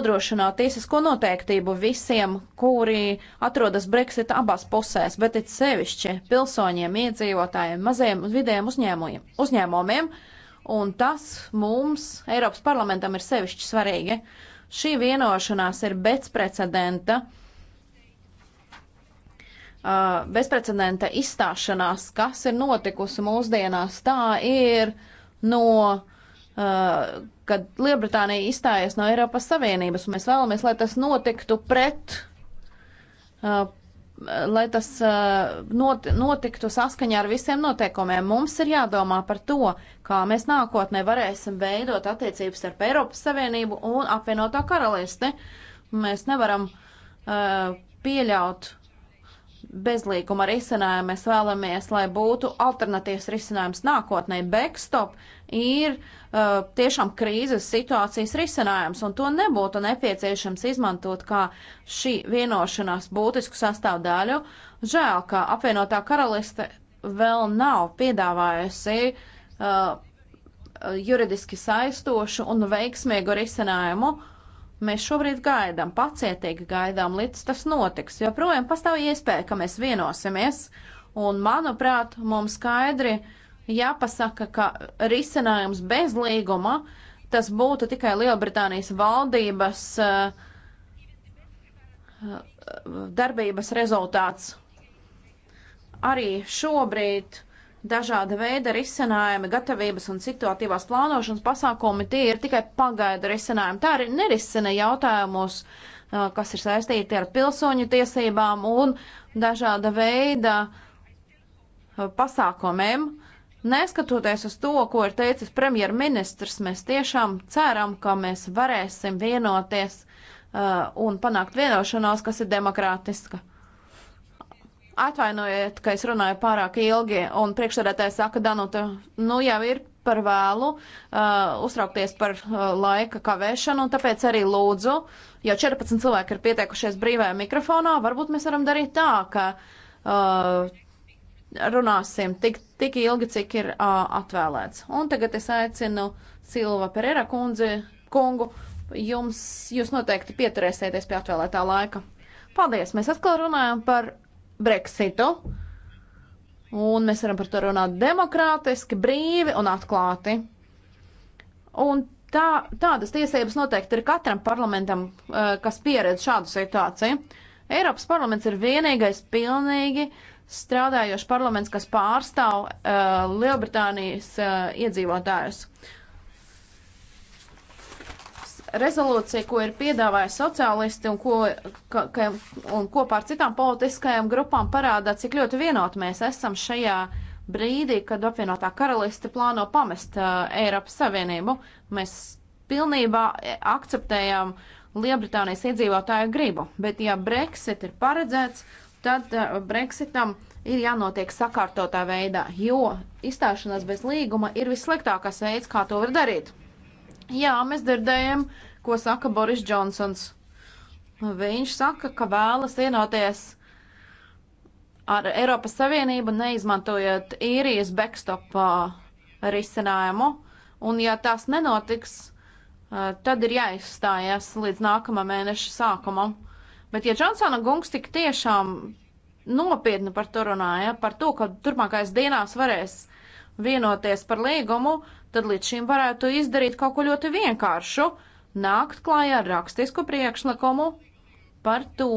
nodrošināt tiesisko noteiktību visiem, kuri atrodas Brexita abās pusēs, bet it sevišķi pilsoņiem, iedzīvotājiem, mazajiem un vidējiem uzņēmumiem. uzņēmumiem un tas mums, Eiropas parlamentam, ir sevišķi svarīgi. Šī vienošanās ir bezprecedenta, uh, bezprecedenta izstāšanās, kas ir notikusi mūsdienās. Tā ir no Uh, kad Lielbritānija izstājas no Eiropas Savienības, un mēs vēlamies, lai tas notiktu pret, uh, lai tas uh, notiktu saskaņā ar visiem noteikumiem. Mums ir jādomā par to, kā mēs nākotnē varēsim veidot attiecības starp Eiropas Savienību un apvienotā karalisti. Mēs nevaram pieļaut bezlīguma risinājumu. Mēs vēlamies, lai būtu alternatīvs risinājums nākotnē, backstop ir uh, tiešām krīzes situācijas risinājums, un to nebūtu nepieciešams izmantot kā šī vienošanās būtisku sastāvdaļu. Žēl, ka apvienotā karaliste vēl nav piedāvājusi uh, juridiski saistošu un veiksmīgu risinājumu. Mēs šobrīd gaidām, pacietīgi gaidām, līdz tas notiks. Joprojām pastāv iespēja, ka mēs vienosimies, un, manuprāt, mums skaidri uh, jāpasaka, ka risinājums bez līguma tas būtu tikai Lielbritānijas valdības eh, darbības rezultāts. Arī šobrīd dažāda veida risinājumi, gatavības un situatīvās plānošanas pasākumi, tie ir tikai pagaida risinājumi. Tā arī nerisina jautājumus, eh, kas ir saistīti ar pilsoņu tiesībām un dažāda veida eh, pasākumiem. Uh, Neskatoties uz to, ko ir teicis premjerministrs, mēs tiešām ceram, ka mēs varēsim vienoties uh, un panākt vienošanos, kas ir demokrātiska. Atvainojiet, ka es runāju pārāk ilgi, un priekšsēdētājs saka, Danuta, nu jau ir par vēlu uh, uztraukties par uh, laika kavēšanu, un tāpēc arī lūdzu, jo 14 cilvēki ir pieteikušies brīvajā mikrofonā, varbūt mēs varam darīt tā, ka. Uh, runāsim tik, tik ilgi, cik ir uh, atvēlēts. Un tagad es aicinu Silva Perera kundzi, kungu, jums, jūs noteikti pieturēsieties pie atvēlētā laika. Paldies! Mēs atkal runājam par Brexitu. Un mēs varam par to runāt demokrātiski, brīvi un atklāti. Un tā, tādas tiesības noteikti ir katram parlamentam, kas pieredz šādu situāciju. Eiropas parlaments ir vienīgais pilnīgi uh, strādājošs parlaments, kas pārstāv uh, Lielbritānijas uh, iedzīvotājus. Rezolūcija, ko ir piedāvājuši sociālisti un, ko, ka, ka, un kopā ar citām politiskajām grupām parādā, cik ļoti vienot mēs esam šajā brīdī, kad apvienotā karaliste plāno pamest uh, Eiropas Savienību. Mēs pilnībā e, akceptējam Lielbritānijas iedzīvotāju gribu, bet ja Brexit ir paredzēts, uh, tad eh, Brexitam ir jānotiek sakārtotā veidā, jo izstāšanās bez līguma ir vissliktākais veids, kā to var darīt. Jā, mēs dzirdējam, ko saka Boris Džonsons. Viņš saka, ka vēlas vienoties ar Eiropas Savienību, neizmantojot īrijas backstop eh, risinājumu, un ja tas nenotiks, eh, tad ir jāizstājas līdz nākamā mēneša sākumam. Bet ja Džonsona kungs tik tiešām nopietni par to runāja, par to, ka turpmākais dienās varēs vienoties par līgumu, tad līdz šim varētu izdarīt kaut ko ļoti vienkāršu - nākt klājā ar rakstisku priekšlikumu par to,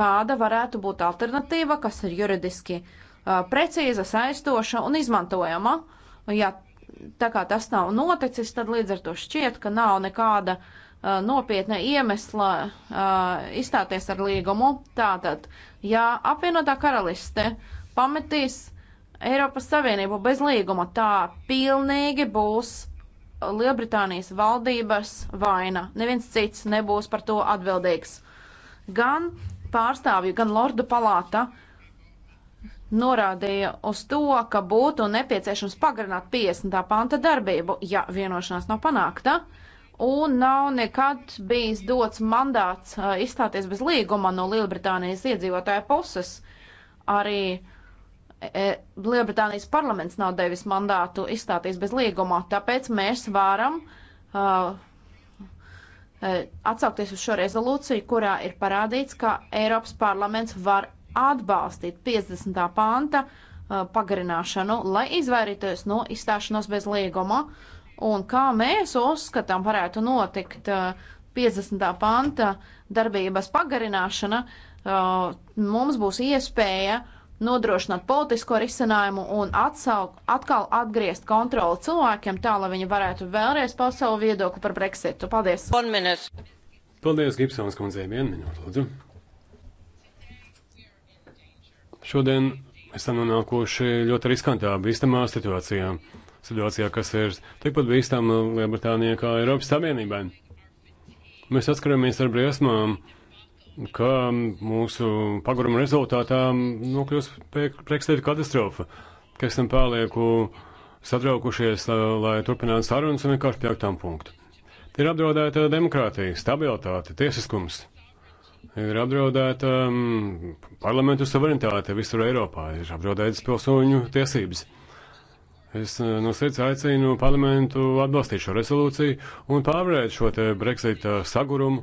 kāda varētu būt alternatīva, kas ir juridiski uh, precīza, saistoša un izmantojama. Ja tā kā tas nav noticis, tad līdz ar to šķiet, ka nav nekāda uh, nopietna iemesla izstāties ar līgumu. Tātad, ja apvienotā karaliste pametīs Eiropas Savienību bez līguma, tā pilnīgi būs Lielbritānijas valdības vaina. Neviens cits nebūs par to atbildīgs. Gan pārstāvju, gan Lordu palāta norādīja uz to, ka būtu nepieciešams pagarināt 50. panta darbību, ja vienošanās nav panākta. Uh, un nav nekad bijis dots mandāts uh, izstāties bez līguma no Lielbritānijas iedzīvotāja puses. Arī e, Lielbritānijas parlaments nav devis mandātu izstāties bez līguma, tāpēc mēs varam uh, atsaukties uz šo rezolūciju, kurā ir parādīts, ka Eiropas parlaments var atbalstīt 50. panta uh, pagarināšanu, lai izvairītos no izstāšanos bez līguma. Uh, un kā mēs uzskatām varētu notikt 50. Uh, panta darbības pagarināšana, uh, mums būs iespēja nodrošināt politisko risinājumu un atsauk, atkal atgriezt kontroli cilvēkiem tā, lai viņi varētu vēlreiz paust savu viedokli par Brexitu. Paldies! Paldies, Gibsons kundzei, vienu minūtu, lūdzu. Šodien esam nonākuši ļoti riskantā, bīstamā situācijā situācijā, kas ir tikpat bīstama nu, Lielbritānijā kā Eiropas Savienībai. Mēs atskaramies ar briesmām, ka mūsu pagaruma rezultātā nokļūs priekšstāvju katastrofa, kas tam pārlieku satraukušies, lai turpinātu sarunas un vienkārši piektām punktu. Ir apdraudēta demokrātija, stabilitāte, tiesiskums. Ir apdraudēta um, parlamentu suverenitāte visur Eiropā, ir apdraudētas pilsoņu tiesības. Es eh, no sirds aicinu parlamentu atbalstīt šo rezolūciju un pārvarēt šo te Brexit eh, sagurumu,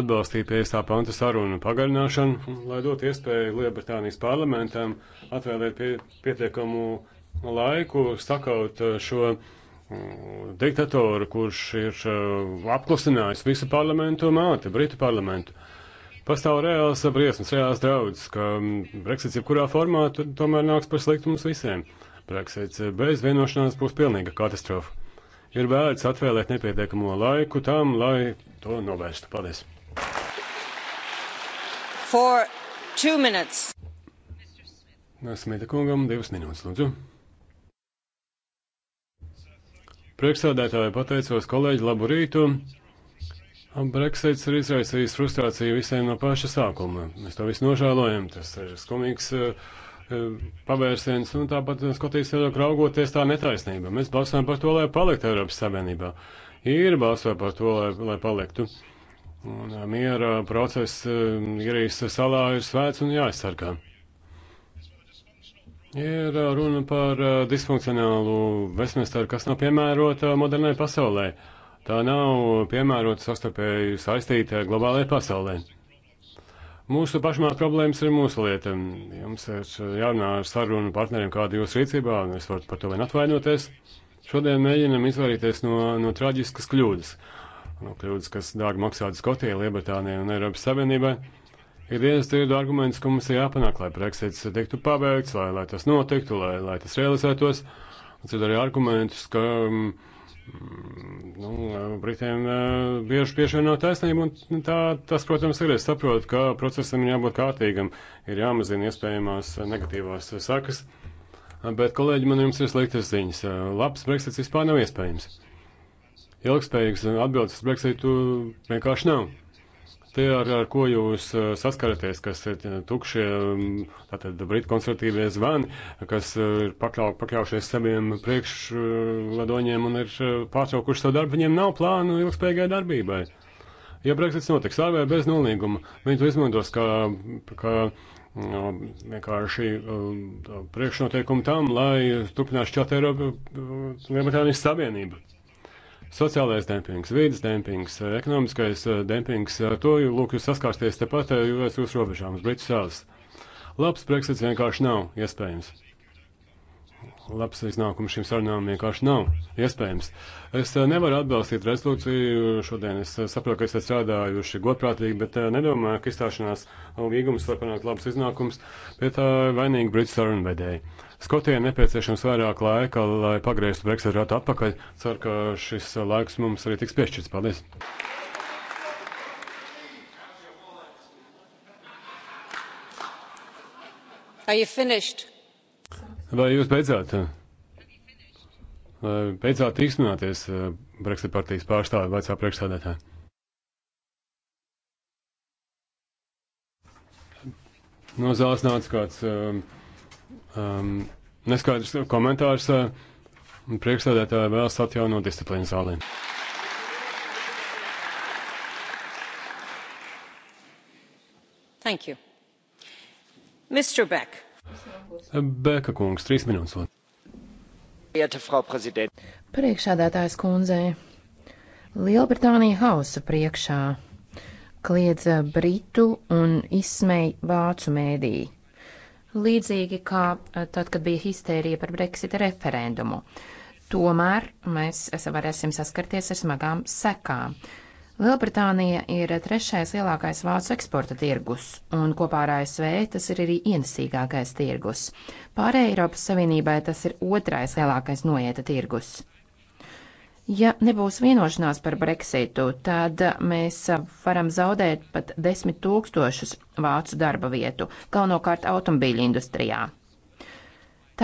atbalstīt 5. panta sarunu pagarināšanu, lai dotu iespēju Lielbritānijas parlamentam atvēlēt pie, pietiekamu laiku sakaut eh, šo mm, diktatoru, kurš ir apklusinājis visu parlamentu māti, Britu parlamentu. Pastāv reāls briesmas, reāls draudz, ka mm, Brexits jebkurā formā tomēr nāks par sliktu mums visiem. Uh, Brexits bez vienošanās būs pilnīga katastrofa. Ir vērts atvēlēt nepietiekamo laiku tam, lai to novērstu. Paldies! Smita kungam divas minūtes, lūdzu. Priekšsādētāji pateicos kolēģi labu rītu. Brexits ir izraisījis frustrāciju visiem no paša sākuma. Mēs to visu nožēlojam. Tas ir skumīgs. Uh, E, pavērsiens, un tāpat Skotijas viedokļa raugoties tā netaisnība. Mēs balsojam par to, lai paliktu Eiropas Savienībā. Ir balsoja par to, lai, lai paliktu. Un e, miera process e, Irijas salā ir svēts un jāizsargā. Ir runa par disfunkcionālu Westminsteru, kas nav piemērota modernai pasaulē. Tā nav piemērota sastarpēji saistīta globālajai pasaulē. Mūsu pašmā problēmas ir mūsu lieta. Jums ir jārunā ar sarunu partneriem, kāda jūsu rīcībā, un es varu par to vien atvainoties. Šodien mēģinam izvairīties no, no traģiskas kļūdas. No kļūdas, kas dārgi maksātu Skotijai, Lielbritānijai un Eiropas Savienībai. Ir viens tirdu arguments, ka mums ir jāpanāk, lai Brexits tiktu pabeigts, lai, lai tas notiktu, lai, lai tas realizētos. Un citādi arī argumentus, ka. Um, Nu, Britiem bieži piešieno taisnību, un tā, tas, protams, ir. Es saprotu, ka procesam ir jābūt kārtīgam, ir jāmazina iespējamās negatīvās sakas, bet, kolēģi, man jums ir sliktas ziņas. Labs Brexits vispār nav iespējams. Ilgspējīgs atbildes uz Brexitu vienkārši nav. Tie, ar, ar ko jūs uh, saskaraties, kas ir uh, tukšie, um, tātad brīt konservatīvie zvani, kas uh, ir pakļau, pakļaušies saviem priekšladoņiem un ir pārtraukuši savu darbu, viņiem nav plānu ilgspējīgai darbībai. Ja Brexits notiks ar vai bez nolīguma, viņi to izmantos kā, kā no, um, vienkārši um, priekšnoteikumu tam, lai turpinās šķelt Eiropu Lielbritānijas Savienību. Sociālais dempings, vīdes dempings, ekonomiskais eh, dempings, ar eh, to lūk jūs saskārsties tepat, eh, jo es jūsu robežām uz Britu salas. Labs Brexits vienkārši nav iespējams labs iznākums šīm sarunām vienkārši nav iespējams. Es eh, nevaru atbalstīt rezolūciju šodien. Es eh, saprotu, ka esat strādājuši godprātīgi, bet eh, nedomāju, ka izstāšanās līgums var panākt labs iznākums, bet vainīgi Britu sarunvedēji. Skotijai nepieciešams vairāk laika, lai pagrieztu Brexit ratu atpakaļ. Ceru, ka šis laiks mums arī tiks piešķirts. Paldies! Are you finished? Vai jūs beidzāt? Beidzāt izsmināties eh, Brexit partijas pārstāvi vai cā priekšstādētāji? No zāles nāca kāds um, um, neskaidrs komentārs. Eh, uh, priekšstādētāji vēlas atjaunot disciplīnu zālē. Thank you. Mr. Beck. Bēka kungs, trīs minūtes. Priekšādātājs kundzei. Lielbritānija hausa priekšā kliedza britu un izsmeja vācu mēdī. Līdzīgi kā eh, tad, kad bija histērija par Brexit referendumu. Tomēr mēs varēsim saskarties ar smagām sekām. Lielbritānija ir trešais lielākais vācu eksporta tirgus, un kopā ar ASV tas ir arī ienesīgākais tirgus. Pārējai Eiropas Savienībai tas ir otrais lielākais noieta tirgus. Ja nebūs vienošanās par Brexitu, tad mēs varam zaudēt pat desmit tūkstošus vācu darba vietu, galvenokārt automobīļu industrijā.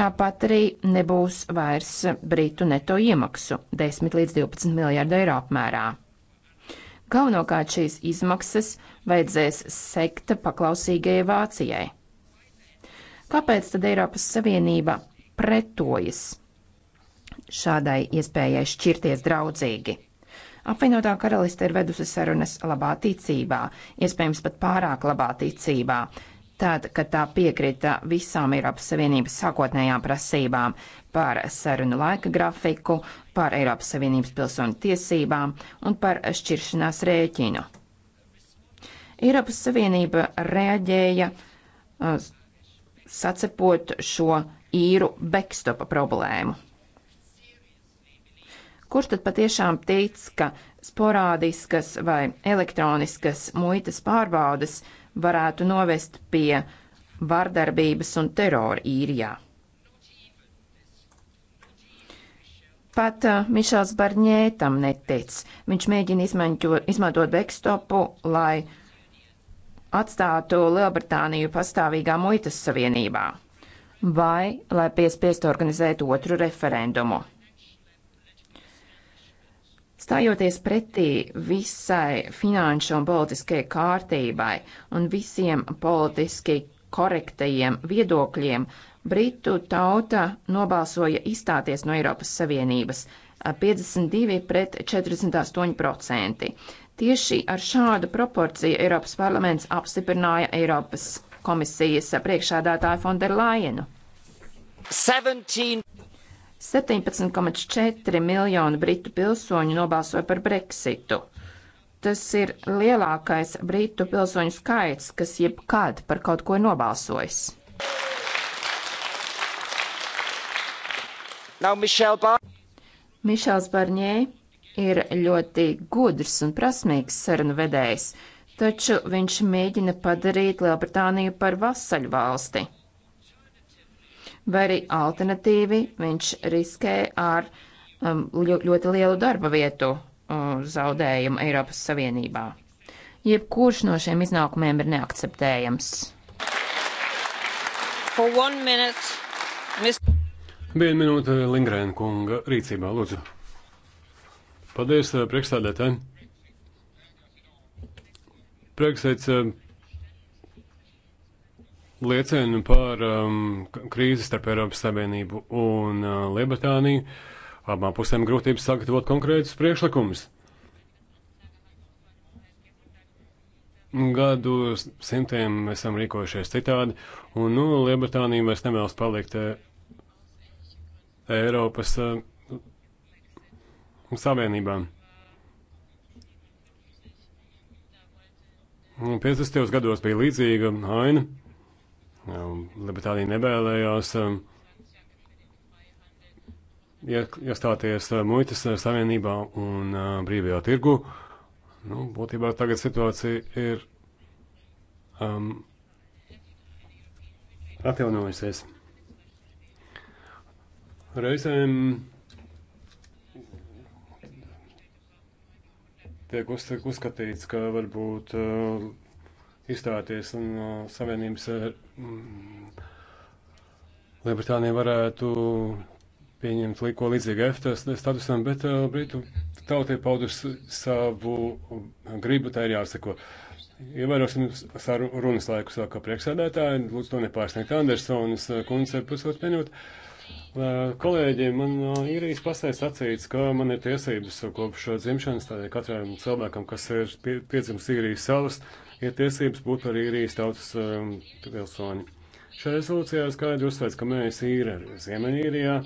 Tāpat arī nebūs vairs britu neto iemaksu - 10 līdz 12 miljārdu eiro apmērā. Galvenokārt šīs izmaksas vajadzēs sekta paklausīgajai Vācijai. Kāpēc tad Eiropas Savienība pretojas šādai iespējai šķirties draudzīgi? Apvienotā karaliste ir vedusi sarunas labā ticībā, iespējams pat pārāk labā ticībā tad, kad tā piekrita visām Eiropas Savienības sākotnējām prasībām par sarunu laika grafiku, par Eiropas Savienības pilsoņu tiesībām un par šķiršanās rēķinu. Eiropas Savienība reaģēja uh, sacepot šo īru backstopa problēmu. Kurš tad patiešām tic, ka sporādiskas vai elektroniskas muitas pārbaudas uh, varētu novest pie vardarbības un terora īrijā. Pat uh, Mišels Barņē tam netic. Viņš mēģina izmantot, izmantot backstopu, lai atstātu Lielbritāniju pastāvīgā muitas savienībā vai lai piespiestu organizēt otru referendumu. Stājoties pretī visai finanšu un politiskajai kārtībai un visiem politiski korektajiem viedokļiem, Britu tauta nobalsoja izstāties no Eiropas Savienības 52 pret 48 procenti. Tieši ar šādu proporciju Eiropas parlaments apstiprināja Eiropas komisijas priekšādātāju Fonderlainu. 17. 17,4 miljoni britu pilsoņu nobalsoja par Brexitu. Tas ir lielākais britu pilsoņu skaits, kas jebkad par kaut ko ir nobalsojis. Now, Michel Bar Mišels Barņē ir ļoti gudrs un prasmīgs sarunu vedējs, taču viņš mēģina padarīt Lielbritāniju par vasaļu valsti vai arī alternatīvi viņš riskē ar um, ļoti lielu darba vietu um, zaudējumu Eiropas Savienībā. Jebkurš no šiem iznākumiem ir neakceptējams. Minute, mis... Vienu minūti Lingrēna kunga rīcībā, lūdzu. Paldies, uh, priekšstādētāji. Priekšsēdētājs uh, liecina par um, krīzi starp Eiropas Savienību un uh, Lielbritāniju. Abām pusēm grūtības sagatavot konkrētus priekšlikumus. Gadu simtiem mēs esam rīkojušies citādi, un nu, Lielbritānija vairs nevēlas palikt uh, Eiropas uh, Savienībā. 50. gados bija līdzīga aina. Um, Libertālija nevēlējās um, iestāties uh, muitas uh, savienībā un uh, brīvajā tirgu. Nu, būtībā tagad situācija ir um, atjaunojusies. Reizēm tiek uzskatīts, ka varbūt uh, izstāties no uh, Savienības uh, mm, Lielbritānija varētu pieņemt liko līdzīgu EFTA statusam, bet uh, Britu tautai paudus savu gribu, tā ir jāsako. Ievērosim runas laiku, saka priekšsēdētāji, lūdzu to nepārsniegt Andersonas kundze pusotru minūtu. Kolēģi, man ir īsti pasēs sacīts, ka man ir tiesības kopš dzimšanas, tādēļ katram cilvēkam, kas ir piedzimis Sīrijas salas, uh, ir tiesības būt arī īrijas tautas um, pilsoņi. Šajā rezolūcijā skaidri uzsvērts, ka mēs ir Ziemeļīrijā,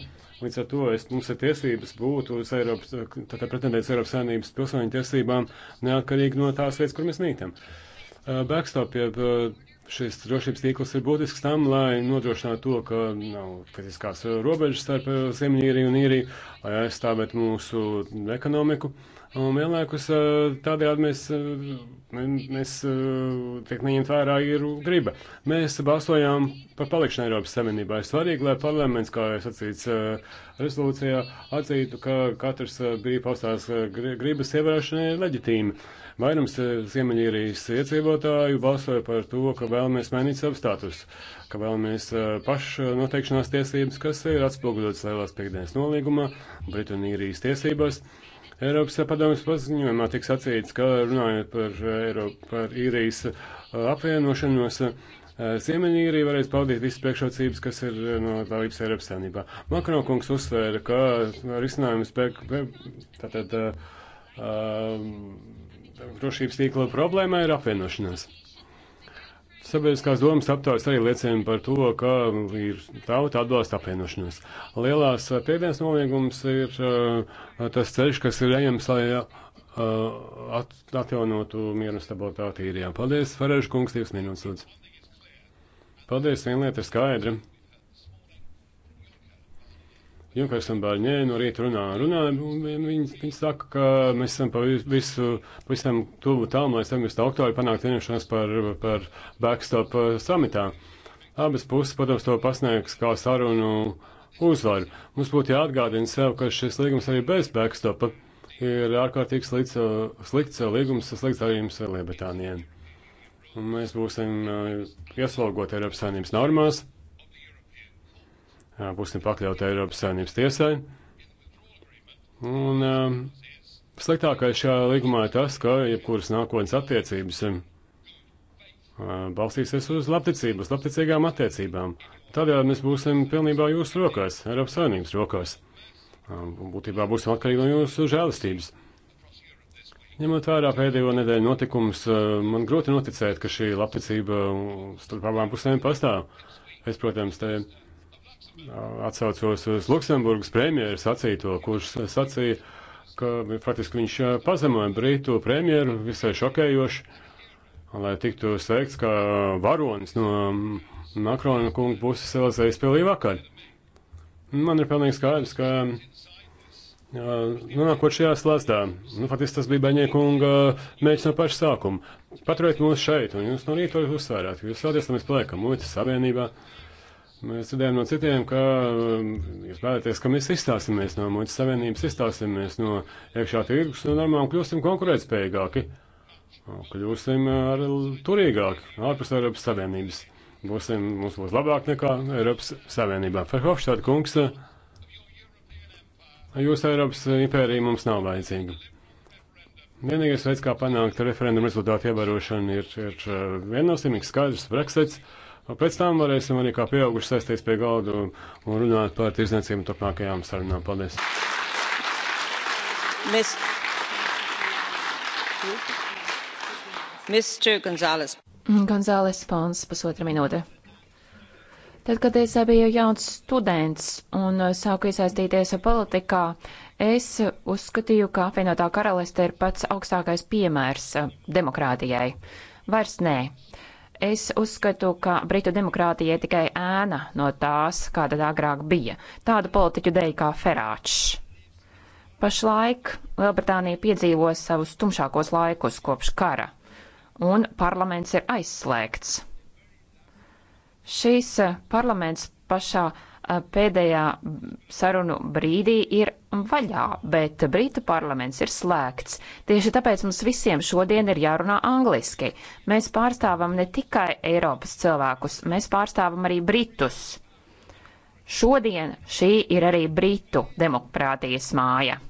līdz ar to es, mums ir tiesības būt uz Eiropas, tātad pretendēt uz Eiropas saimnības pilsoņu tiesībām, neatkarīgi no tās vietas, kur mēs mītam. Uh, backstop, jeb uh, šis drošības tīkls ir būtisks tam, lai nodrošinātu to, ka nav fiziskās robežas starp uh, Ziemeļīriju un Īriju, lai aizstāvētu mūsu ekonomiku. Uh, Un vienlaikus tādējādi mēs, mēs tiek neņemt vērā ir griba. Mēs balsojām par palikšanu Eiropas Savienībā. Ir svarīgi, lai parlaments, kā jau sacīts rezolūcijā, atzītu, ka katrs bija paustās gribas ievērošanai leģitīmi. Vairums Ziemeļīrijas iedzīvotāju balsoja par to, ka vēlamies mainīt savu statusu, ka vēlamies pašu noteikšanās tiesības, kas ir atspoguļotas Lielās piekdienas nolīgumā, Britu un īrijas tiesībās. Eiropas padomjas paziņojumā tiek sacīts, ka runājot par Eiropu, par īrijas uh, apvienošanos, uh, Ziemeļīrija varēs paudīt visas priekšrocības, kas ir uh, no dalības Eiropas saimnībā. Makro kungs uzsvēra, ka risinājums pēc, tātad, uh, um, drošības tīkla problēma ir apvienošanās. Uh, Sabiedriskās domas aptaujas arī liecina par to, ka ir tauta atbalsta apvienošanos. Lielās eh, piedienas noliegums ir uh, tas ceļš, kas ir ejams, lai uh, at, atjaunotu mieru un stabilitāti īrijā. Paldies, Farēžu kungs, divas minūtes lūdzu. Paldies, viena lieta ir skaidra. Junkars un Bārņē no rīta runā, runā, un viņi, viņi saka, ka mēs esam pa visu, pavisam tuvu tālu, lai 17. oktobrī panākt vienošanos par, par backstop uh, samitā. Abas puses, protams, to pasniegs kā sarunu uzvaru. Mums būtu jāatgādina sev, ka šis līgums arī bez backstopa ir ārkārtīgi uh, slikts, slikts uh, līgums, slikts darījums Lielbritānijai. Un mēs būsim ieslogoti Eiropas saimnības normās būsim pakļauti Eiropas saimnības tiesai. Un um, sliktākais šajā līgumā ir tas, ka jebkuras nākotnes attiecības um, uh, balstīsies uz labticību, uz labticīgām attiecībām. Tādējādi mēs būsim pilnībā jūsu rokās, Eiropas saimnības rokās. Um, būtībā būsim atkarīgi no jūsu žēlistības. Ņemot vērā pēdējo nedēļu notikumus, uh, man grūti noticēt, ka šī labticība starp abām pusēm pastāv. Es, protams, te Atcaucos uz Luksemburgas premjeru sacīto, kurš sacīja, ka faktiski viņš eh, pazemoja Britu premjeru visai šokējoši, lai tiktu sveikts kā eh, varonis no mm, Makrona kunga puses Elizējas pilī vakar. Man ir pilnīgi skaidrs, ka eh, nonākot šajā slazdā, nu, faktiski tas bija Beņē kunga mēģis no paša sākuma. Paturiet mūs šeit, un jūs no rīta varat uzsvērāt, jūs vēlaties, lai mēs paliekam muitas savienībā. Uh, Mēs dzirdējām no citiem, ka um, jūs vēlaties, ka mēs izstāsimies no muitas savienības, izstāsimies no iekšā tirgus un nu, normām kļūsim konkurētspējīgāki, kļūsim ar turīgāki ārpus Eiropas Savienības. Būsim, mums būs labāk nekā Eiropas Savienībā. Ferhofštāt kungs, jūs Eiropas impērija mums nav vajadzīga. Vienīgais veids, kā panākt referendumu rezultātu ievērošanu, ir, ir uh, viennozīmīgs skaidrs Brexits. Pēc tam varēsim arī kā pieauguši sēsties pie galda un, un runāt par tirdzniecību turpmākajām sarunām. Paldies! Mēs... Mr. Gonzales. Gonzales Pons, pusotra minūte. Tad, kad es biju jauns students un sāku iesaistīties politikā, es uzskatīju, ka apvienotā karaliste ir pats augstākais piemērs demokrātijai. Vairs nē. Uh, Es uzskatu, ka Britu demokrātija ir tikai ēna no tās, kāda tā agrāk bija, tādu politiķu dēļ kā Ferāčs. Pašlaik Lielbritānija piedzīvo savus tumšākos laikus kopš kara, un parlaments ir aizslēgts. Šīs eh, parlaments pašā eh, pēdējā sarunu brīdī ir vaļā, bet Brītu parlaments ir slēgts. Tieši tāpēc mums visiem šodien ir jārunā angliski. Mēs pārstāvam ne tikai Eiropas cilvēkus, mēs pārstāvam arī Britus. Šodien šī ir arī Britu demokrātijas māja.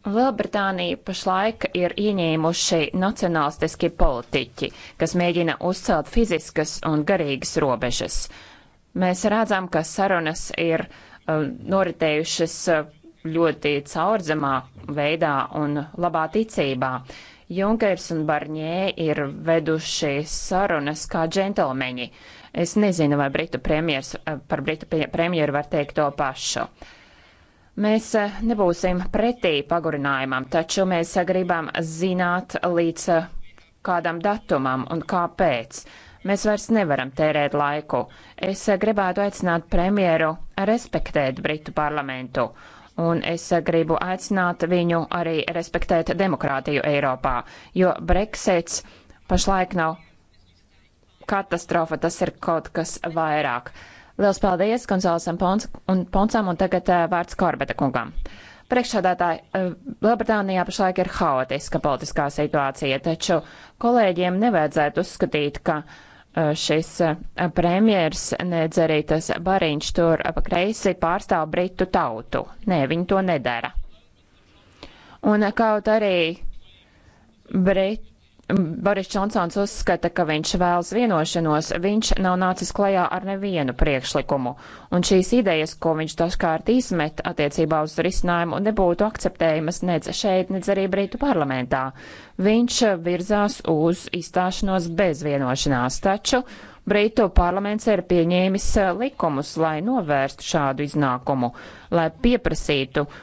Lielbritānija pašlaik ir ieņēmuši nacionālistiski politiķi, kas mēģina uzcelt fiziskas un garīgas robežas. Mēs redzam, ka sarunas ir uh, Uh, noritējušas uh, ļoti caurzemā veidā un labā ticībā. Junkers un Barņē ir veduši sarunas kā džentelmeņi. Es nezinu, vai Britu premjers uh, par Britu premjeru var teikt to pašu. Mēs nebūsim pretī pagurinājumam, taču mēs gribam zināt līdz kādam datumam un kāpēc. Mēs vairs nevaram tērēt laiku. Es eh, gribētu aicināt premjeru respektēt Britu parlamentu. Un es eh, gribu aicināt viņu arī respektēt demokrātiju Eiropā, jo Brexits pašlaik nav katastrofa, tas ir kaut kas vairāk. Liels paldies Gonzālesam Poncam un tagad eh, vārds Korbeta kungam. Priekšsādātāji, Lielbritānijā pašlaik ir haotiska politiskā situācija, taču kolēģiem nevajadzētu uzskatīt, ka uh, Eh, šis eh, premjers, nedz arī tas bariņš tur pa kreisi pārstāv britu tautu. Nē, viņi to nedara. Un kaut arī Brit, Mm, Boris Džonsons uzskata, ka viņš vēlas vienošanos, viņš nav nācis klajā ar nevienu priekšlikumu, un šīs idejas, ko viņš dažkārt izmet attiecībā uz risinājumu, nebūtu akceptējamas nec šeit, nec arī Brītu parlamentā. Viņš virzās uz izstāšanos bez vienošanās, taču Brītu parlaments ir pieņēmis uh, likumus, lai novērstu šādu iznākumu, lai pieprasītu uh,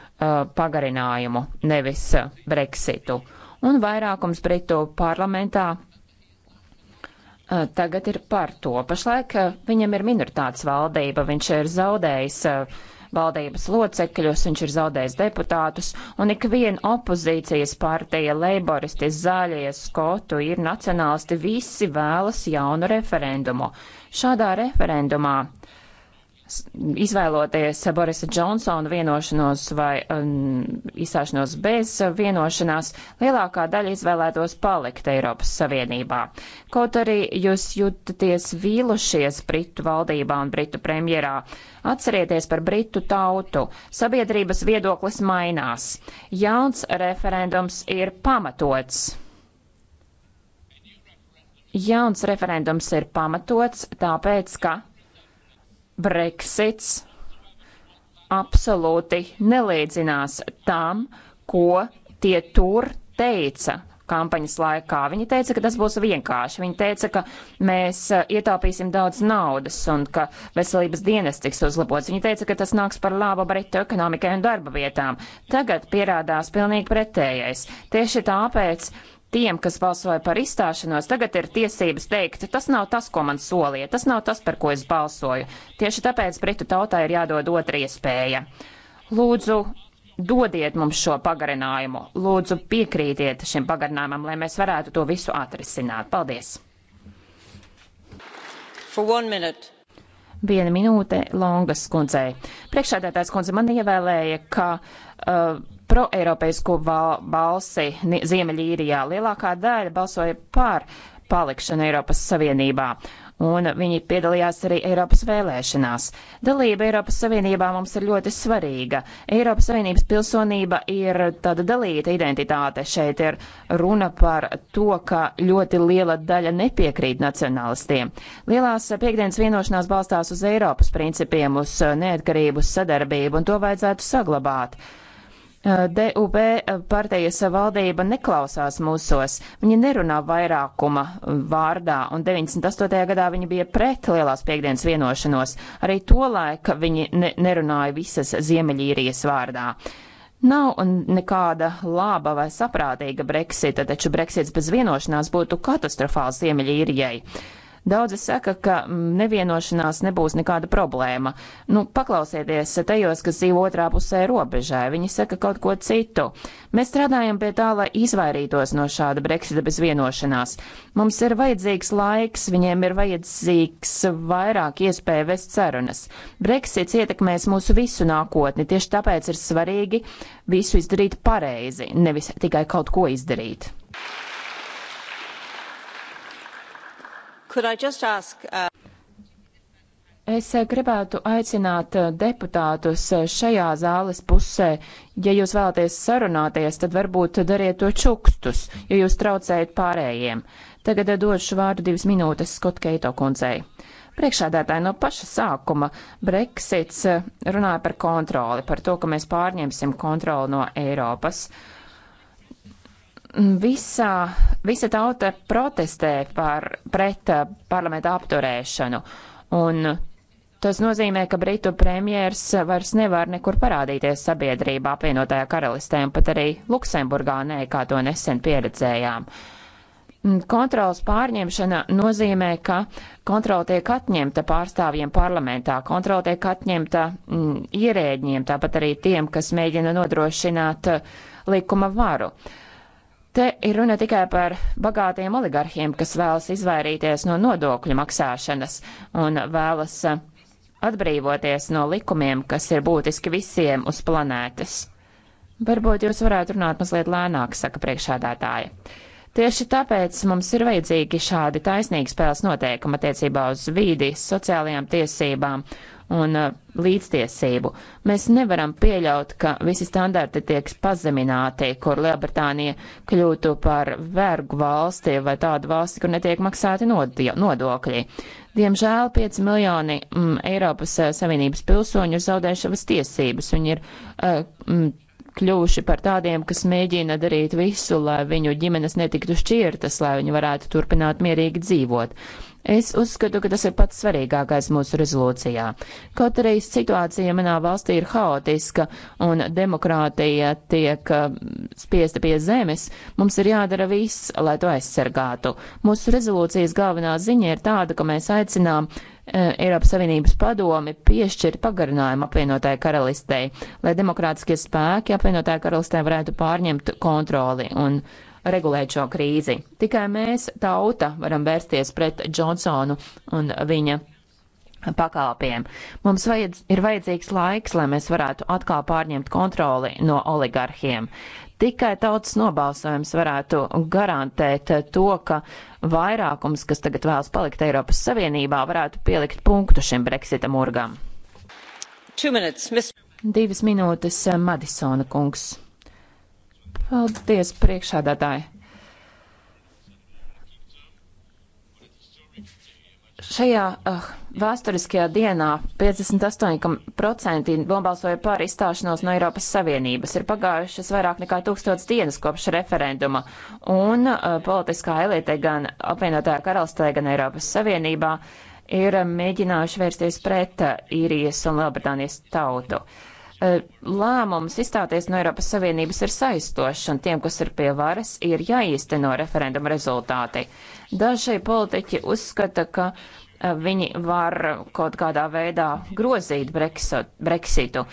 pagarinājumu, nevis uh, Brexitu un vairākums Britu parlamentā eh, tagad ir par to. Pašlaik eh, viņam ir minoritātes valdība, viņš ir zaudējis eh, valdības locekļus, viņš ir zaudējis deputātus, un ikviena opozīcijas partija, leiboristi, zaļie, skotu, ir nacionālisti, visi vēlas jaunu referendumu. Šādā referendumā uh, izvēloties Borisa Džonsona vienošanos vai um, izstāšanos bez vienošanās, lielākā daļa izvēlētos palikt Eiropas Savienībā. Kaut arī jūs jūtaties vīlušies Britu valdībā un Britu premjerā, atcerieties par Britu tautu. Sabiedrības viedoklis mainās. Jauns referendums ir pamatots. Jauns referendums ir pamatots, tāpēc, ka Brexits absolūti nelīdzinās tam, ko tie tur teica kampaņas laikā. Viņi teica, ka tas būs vienkārši. Viņi teica, ka mēs eh, ietaupīsim daudz naudas un ka veselības dienas tiks uzlabots. Viņi teica, ka tas nāks par labu Britu ekonomikai un darba vietām. Tagad pierādās pilnīgi pretējais. Tieši tāpēc tiem, kas balsoja par izstāšanos, tagad ir tiesības teikt, tas nav tas, ko man solīja, tas nav tas, par ko es balsoju. Tieši tāpēc Britu tautai ir jādod otra iespēja. Lūdzu, dodiet mums šo pagarinājumu, lūdzu, piekrītiet šim pagarinājumam, lai mēs varētu to visu atrisināt. Paldies! For one minute. Viena minūte Longas kundzei. Priekšādātājs kundze man ievēlēja, ka uh, proeiropeisko balsi Ziemeļīrijā lielākā daļa balsoja par palikšanu Eiropas Savienībā un viņi piedalījās arī Eiropas vēlēšanās. Dalība Eiropas Savienībā mums ir ļoti svarīga. Eiropas Savienības pilsonība ir tāda dalīta identitāte. Šeit ir runa par to, ka ļoti liela daļa nepiekrīt nacionālistiem. Lielās piekdienas vienošanās balstās uz Eiropas principiem, uz neatkarību, sadarbību, un to vajadzētu saglabāt. DUB partijas valdība neklausās mūsos. Viņi nerunā vairākuma vārdā, un 98. gadā viņi bija pret Lielās piekdienas vienošanos. Arī to laika viņi ne nerunāja visas Ziemeļīrijas vārdā. Nav nekāda laba vai saprātīga Brexita, taču Brexits bez vienošanās būtu katastrofāls Ziemeļīrijai. Daudzi saka, ka mm, nevienošanās nebūs nekāda problēma. Nu, paklausieties tajos, kas dzīvo otrā pusē robežai. Viņi saka kaut ko citu. Mēs strādājam pie tā, lai izvairītos no šāda Brexita bez vienošanās. Mums ir vajadzīgs laiks, viņiem ir vajadzīgs vairāk iespēju vest sarunas. Brexits ietekmēs mūsu visu nākotni, tieši tāpēc ir svarīgi visu izdarīt pareizi, nevis tikai kaut ko izdarīt. Ask, uh... Es uh, gribētu aicināt uh, deputātus uh, šajā zāles pusē, ja jūs vēlaties sarunāties, tad varbūt dariet to čukstus, ja jūs traucējat pārējiem. Tagad došu vārdu divas minūtes Skot Keito kundzei. Priekšādātāji no paša sākuma Brexits runāja par kontroli, par to, ka mēs pārņemsim kontroli no Eiropas. Uh, visā, visa tauta protestē par, pret uh, parlamentu apturēšanu. Un tas nozīmē, ka Britu premjers vairs nevar nekur parādīties sabiedrībā apvienotajā karalistē un pat arī Luksemburgā, nē, kā to nesen pieredzējām. Kontrolas pārņemšana nozīmē, ka kontrola tiek atņemta pārstāvjiem parlamentā, kontrola tiek atņemta mm, ierēģiem, tāpat arī tiem, kas mēģina nodrošināt uh, likuma varu. Uh, Te ir runa tikai par bagātiem oligarhiem, kas vēlas izvairīties no nodokļu maksāšanas un vēlas eh, atbrīvoties no likumiem, kas ir būtiski visiem uz planētas. Varbūt jūs varētu runāt mazliet lēnāk, saka priekšādātāja. Tieši tāpēc mums ir vajadzīgi šādi taisnīgi spēles noteikumi attiecībā uz vīdi, sociālajām tiesībām un uh, līdztiesību. Mēs nevaram pieļaut, ka visi standarti tiek pazemināti, kur Lielbritānija kļūtu par vergu valsti vai tādu valsti, kur netiek maksāti nodokļi. Diemžēl 5 miljoni m, mm, Eiropas uh, Savienības pilsoņu ir zaudējuši savas tiesības. Viņi ir uh, m, mm, kļuvuši par tādiem, kas mēģina darīt visu, lai viņu ģimenes netiktu šķirtas, lai viņi varētu turpināt mierīgi dzīvot. Es uzskatu, ka tas ir pats svarīgākais mūsu rezolūcijā. Kaut arī situācija manā valstī ir haotiska un demokrātija tiek um, spiesta pie zemes, mums ir jādara viss, lai to aizsargātu. Mūsu rezolūcijas galvenā ziņa ir tāda, ka mēs aicinām uh, Eiropas Savienības padomi piešķirt pagarinājumu apvienotāju karalistei, lai demokrātiskie spēki apvienotāju karalistē varētu pārņemt kontroli un regulēt šo krīzi. Tikai mēs, tauta, varam vērsties pret Džonsonu un viņa pakalpiem. Mums vajadz, ir vajadzīgs laiks, lai mēs varētu atkal pārņemt kontroli no oligarhiem. Tikai tautas nobalsojums varētu garantēt to, ka vairākums, kas tagad vēlas palikt Eiropas Savienībā, varētu pielikt punktu šim Brexita murgam. Minutes, Divas minūtes, Madisona kungs. Paldies, priekšādātāji. Šajā uh, vēsturiskajā dienā 58% nobalsoja par izstāšanos no Eiropas Savienības. Ir pagājušas vairāk nekā tūkstots dienas kopš referenduma, un uh, politiskā elite gan apvienotajā karalstē, gan Eiropas Savienībā ir uh, mēģinājuši vērsties pret uh, Īrijas un Lielbritānijas tautu. Uh, Eh, lēmums izstāties no Eiropas Savienības ir saistošs, un tiem, kas ir pie varas, ir jāīsteno referenduma rezultāti. Dažai politiķi uzskata, ka eh, viņi var kaut kādā veidā grozīt Brexitu,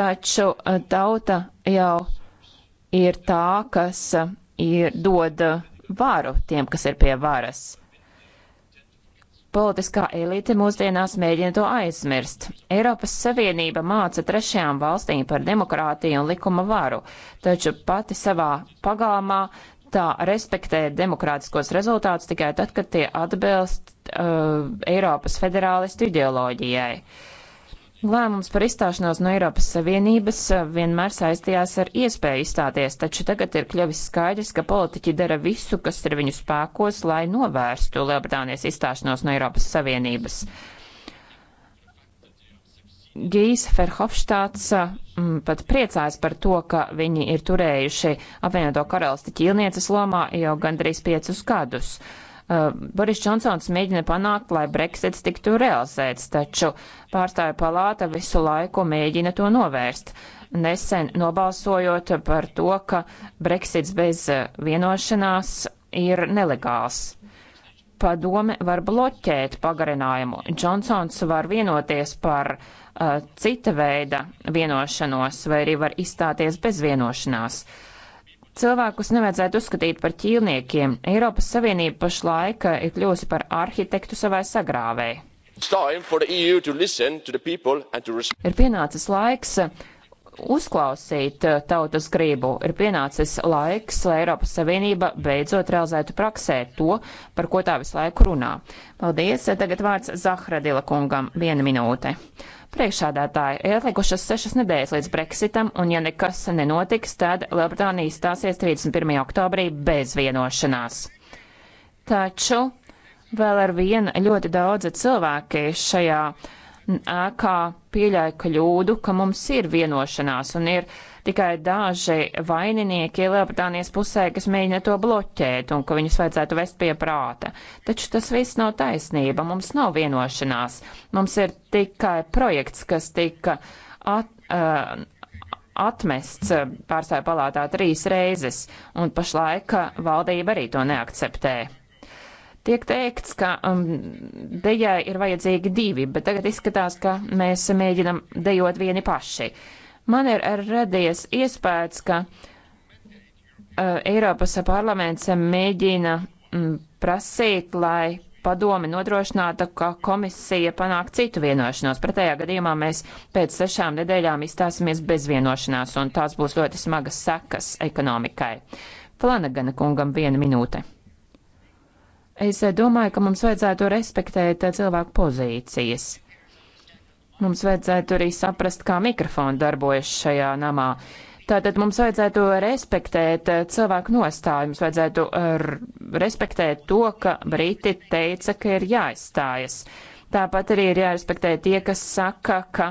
taču eh, tauta jau ir tā, kas ir dod varu tiem, kas ir pie varas. Politiskā elite mūsdienās mēģina to aizmirst. Eiropas Savienība māca trešajām valstīm par demokrātiju un likuma varu, taču pati savā pagalmā tā respektē demokrātiskos rezultātus tikai tad, kad tie atbilst uh, Eiropas federālistu ideoloģijai. Uh, Lēmums par izstāšanos no Eiropas Savienības eh, vienmēr saistījās ar iespēju izstāties, taču tagad ir kļuvis skaidrs, ka politiķi dara visu, kas ir viņu spēkos, lai novērstu Lielbritānijas izstāšanos no Eiropas Savienības. Gijs Ferhofštāts eh, mm, pat priecājas par to, ka viņi ir turējuši apvienoto karalisti ķīlnieces lomā jau gandrīz piecus gadus. Uh, Uh, Boris Džonsons mēģina panākt, lai Brexits tiktu realizēts, taču pārstāju palāta visu laiku mēģina to novērst. Nesen nobalsojot par to, ka Brexits bez uh, vienošanās ir nelegāls padome var bloķēt pagarinājumu. Džonsons var vienoties par uh, cita veida vienošanos vai arī var izstāties bez vienošanās. Uh, Cilvēkus nevajadzētu uzskatīt par ķīlniekiem. Eiropas Savienība pašlaik ir kļūsi par arhitektu savai sagrāvē. E to to to... Ir pienācis laiks uzklausīt eh, tautas gribu. Ir pienācis laiks, lai Eiropas Savienība beidzot realizētu praksē to, par ko tā visu laiku runā. Paldies. Tagad vārds Zahradila kungam. Viena minūte. Priekšādātāji, ir atlikušas sešas nedēļas līdz Brexitam, un ja nekas nenotiks, tad Lielbritānija stāsies 31. oktobrī bez vienošanās. Taču vēl ar vienu ļoti daudzi cilvēki šajā ēkā pieļāja kļūdu, ka mums ir vienošanās un ir tikai daži vaininieki Lielbritānijas pusē, kas mēģina to bloķēt un ka viņus vajadzētu vest pie prāta. Taču tas viss nav taisnība, mums nav vienošanās. Mums ir tikai projekts, kas tika at, uh, atmests pārstāju palātā trīs reizes, un pašlaik valdība arī to neakceptē. Tiek teikts, ka um, dejai ir vajadzīgi divi, bet tagad izskatās, ka mēs mēģinam dejot vieni paši. Uh, Man ir radies iespējas, ka uh, Eiropas parlaments mēģina mm, prasīt, lai padomi nodrošinātu, ka komisija panāk citu vienošanos. Pretējā gadījumā mēs pēc sešām nedēļām izstāsimies bez vienošanās, un tās būs ļoti smagas sekas ekonomikai. Planagana kungam viena minūte. Es eh, domāju, ka mums vajadzētu respektēt eh, cilvēku pozīcijas. Mums vajadzētu arī saprast, kā mikrofoni darbojas šajā namā. Tātad mums vajadzētu respektēt eh, cilvēku nostāju, mums vajadzētu eh, respektēt to, ka Briti teica, ka ir jāizstājas. Tāpat arī ir jārespektē tie, kas saka, ka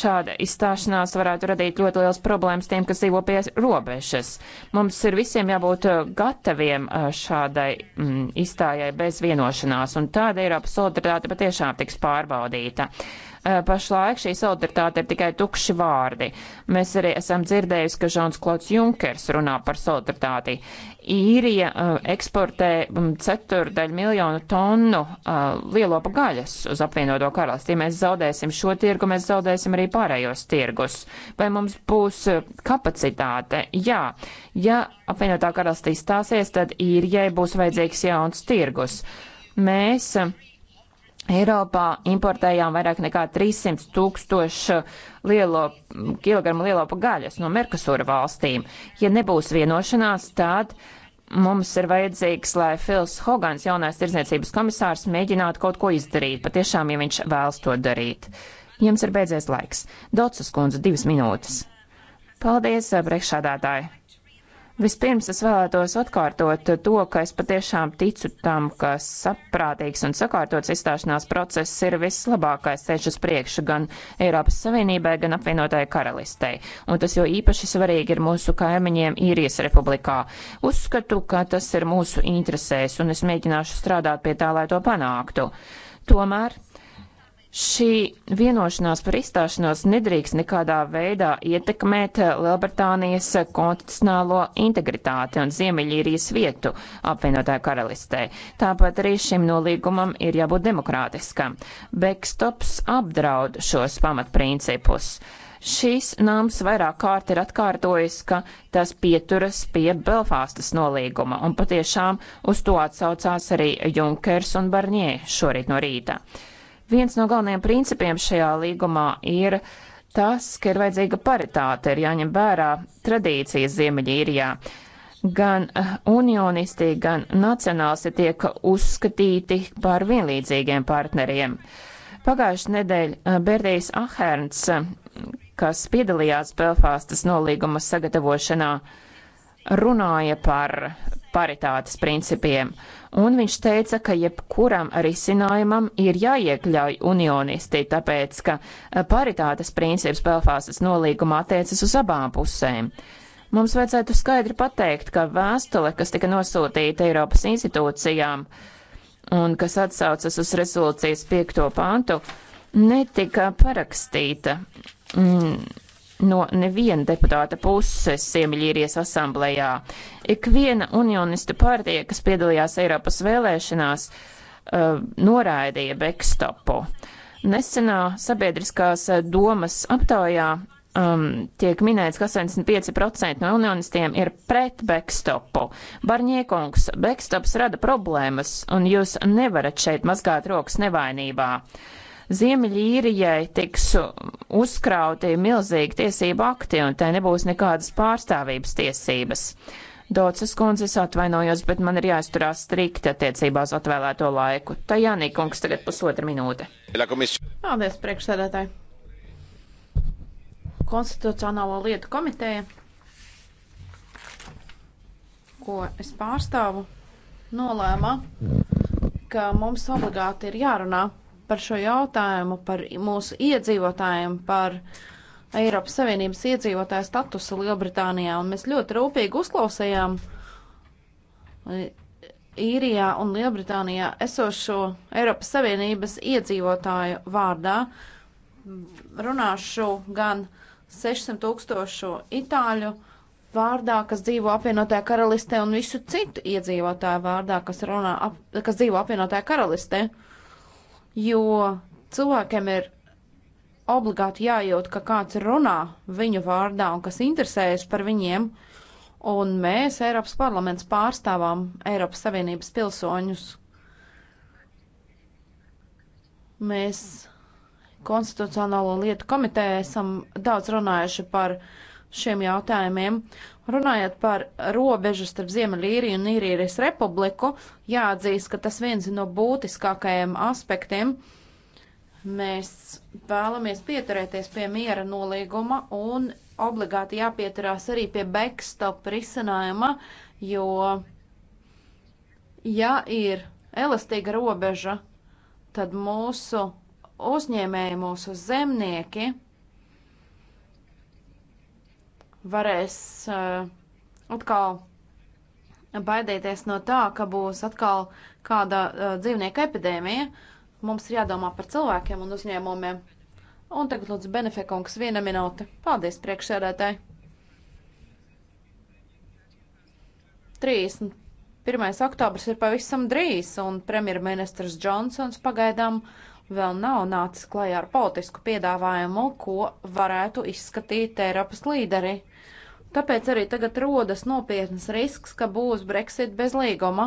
šāda izstāšanās varētu radīt ļoti liels problēmas tiem, kas dzīvo pie robežas. Mums ir visiem jābūt eh, gataviem šādai mm, izstājai bez vienošanās, un tāda Eiropas solidaritāte patiešām tiks pārbaudīta. Eh, pašlaik šī solidaritāte ir tikai tukši vārdi. Mēs arī esam dzirdējuši, ka Žons Klods Junkers runā par solidaritāti. Īrija eh, eksportē mm, ceturdaļu miljonu tonu eh, lielopu gaļas uz apvienoto karalstī. Mēs zaudēsim šo tirgu, mēs zaudēsim arī pārējos tirgus. Vai mums būs kapacitāte? Jā. Ja apvienotā karalstī stāsies, tad īrijai būs vajadzīgs jauns tirgus. Mēs Eiropā importējām vairāk nekā 300 tūkstošu lielo, kilogramu lielo pagaļas no Merkusūra valstīm. Ja nebūs vienošanās, tad mums ir vajadzīgs, lai Fils Hogans, jaunais tirdzniecības komisārs, mēģinātu kaut ko izdarīt, patiešām, ja viņš vēlas to darīt. Jums ir beidzies laiks. Dotsas kundze, divas minūtes. Paldies, priekšādātāji! Vispirms es vēlētos atkārtot to, ka es patiešām ticu tam, ka saprātīgs un sakārtots izstāšanās process ir vislabākais ceļš uz priekšu gan Eiropas Savienībai, gan apvienotāju karalistei. Un tas jau īpaši svarīgi ir mūsu kaimiņiem īrijas republikā. Uzskatu, ka tas ir mūsu interesēs, un es mēģināšu strādāt pie tā, lai to panāktu. Tomēr Šī vienošanās par izstāšanos nedrīkst nekādā veidā ietekmēt Lielbritānijas konstitucionālo integritāti un Ziemeļīrijas vietu apvienotāju karalistē. Tāpat arī šim nolīgumam ir jābūt demokrātiskam. Backstops apdraud šos pamatprincipus. Šīs nams vairāk kārt ir atkārtojis, ka tas pieturas pie Belfāstas nolīguma, un patiešām uz to atsaucās arī Junkers un Barņē šorīt no rīta. Viens no galvenajiem principiem šajā līgumā ir tas, ka ir vajadzīga paritāte, ir jāņem vērā tradīcijas Ziemeļīrijā. Gan eh, unionisti, gan nacionālisti tiek uzskatīti par vienlīdzīgiem partneriem. Pagājušajā nedēļā eh, Berdijs Ahērns, eh, kas piedalījās Belfāstas nolīguma sagatavošanā, runāja par paritātes principiem, un viņš teica, ka jebkuram risinājumam ir jāiekļauj unionisti, tāpēc, ka eh, paritātes princips Belfāsas nolīguma attiecas uz abām pusēm. Mums vajadzētu skaidri pateikt, ka vēstule, kas tika nosūtīta Eiropas institūcijām un kas atsaucas uz rezolūcijas piekto pantu, netika parakstīta. Mm no neviena deputāta puses Ziemeļīrijas asamblējā. Ikviena unionistu partija, kas piedalījās Eiropas vēlēšanās, uh, noraidīja backstopu. Nesenā sabiedriskās domas aptaujā um, tiek minēts, ka 85% no unionistiem ir pret backstopu. Barņiekungs, backstops rada problēmas, un jūs nevarat šeit mazgāt rokas nevainībā. Uh, Ziemeļīrijai tiks uzkrauti milzīgi tiesību akti un tai nebūs nekādas pārstāvības tiesības. Docis kundzes atvainojos, bet man ir jāizturās strikti attiecībā uz atvēlēto laiku. Tā Janīkungs tagad pusotra minūte. Paldies, priekšsēdētāji. Konstitucionālo lietu komiteja, ko es pārstāvu, nolēma, ka mums obligāti ir jārunā par šo jautājumu, par mūsu iedzīvotājiem, par Eiropas Savienības iedzīvotāju statusu Lielbritānijā, un mēs ļoti rūpīgi uzklausījām e, īrijā un Lielbritānijā esošo Eiropas Savienības iedzīvotāju vārdā. Runāšu gan 600 tūkstošu itāļu vārdā, kas dzīvo apvienotajā karalistē, un visu citu iedzīvotāju vārdā, kas, runā, ap, kas dzīvo apvienotajā karalistē jo cilvēkiem ir obligāti jājūt, ka kāds runā viņu vārdā un kas interesējas par viņiem, un mēs, Eiropas parlaments, pārstāvām Eiropas Savienības pilsoņus. Mēs Konstitucionālo lietu komiteja esam daudz runājuši par uh, šiem jautājumiem. Runājot par robežu starp Ziemeļīriju un Īrijas republiku, jāatzīst, ka tas viens no būtiskākajiem aspektiem. Mēs vēlamies pieturēties pie miera nolīguma un obligāti jāpieturās arī pie backstop risinājuma, jo, ja ir elastīga robeža, tad mūsu uzņēmēji, mūsu zemnieki varēs uh, atkal baidīties no tā, ka būs atkal kāda uh, dzīvnieka epidēmija. Mums ir jādomā par cilvēkiem un uzņēmumiem. Un tagad lūdzu Benefekungs viena minūte. Paldies priekšsēdētāji. 31. oktobrs ir pavisam drīz, un premjerministrs Džonsons pagaidām uh, vēl nav nācis klajā ar politisku piedāvājumu, ko varētu izskatīt Eiropas līderi. Tāpēc arī tagad rodas nopietnas risks, ka būs Brexit bez līguma.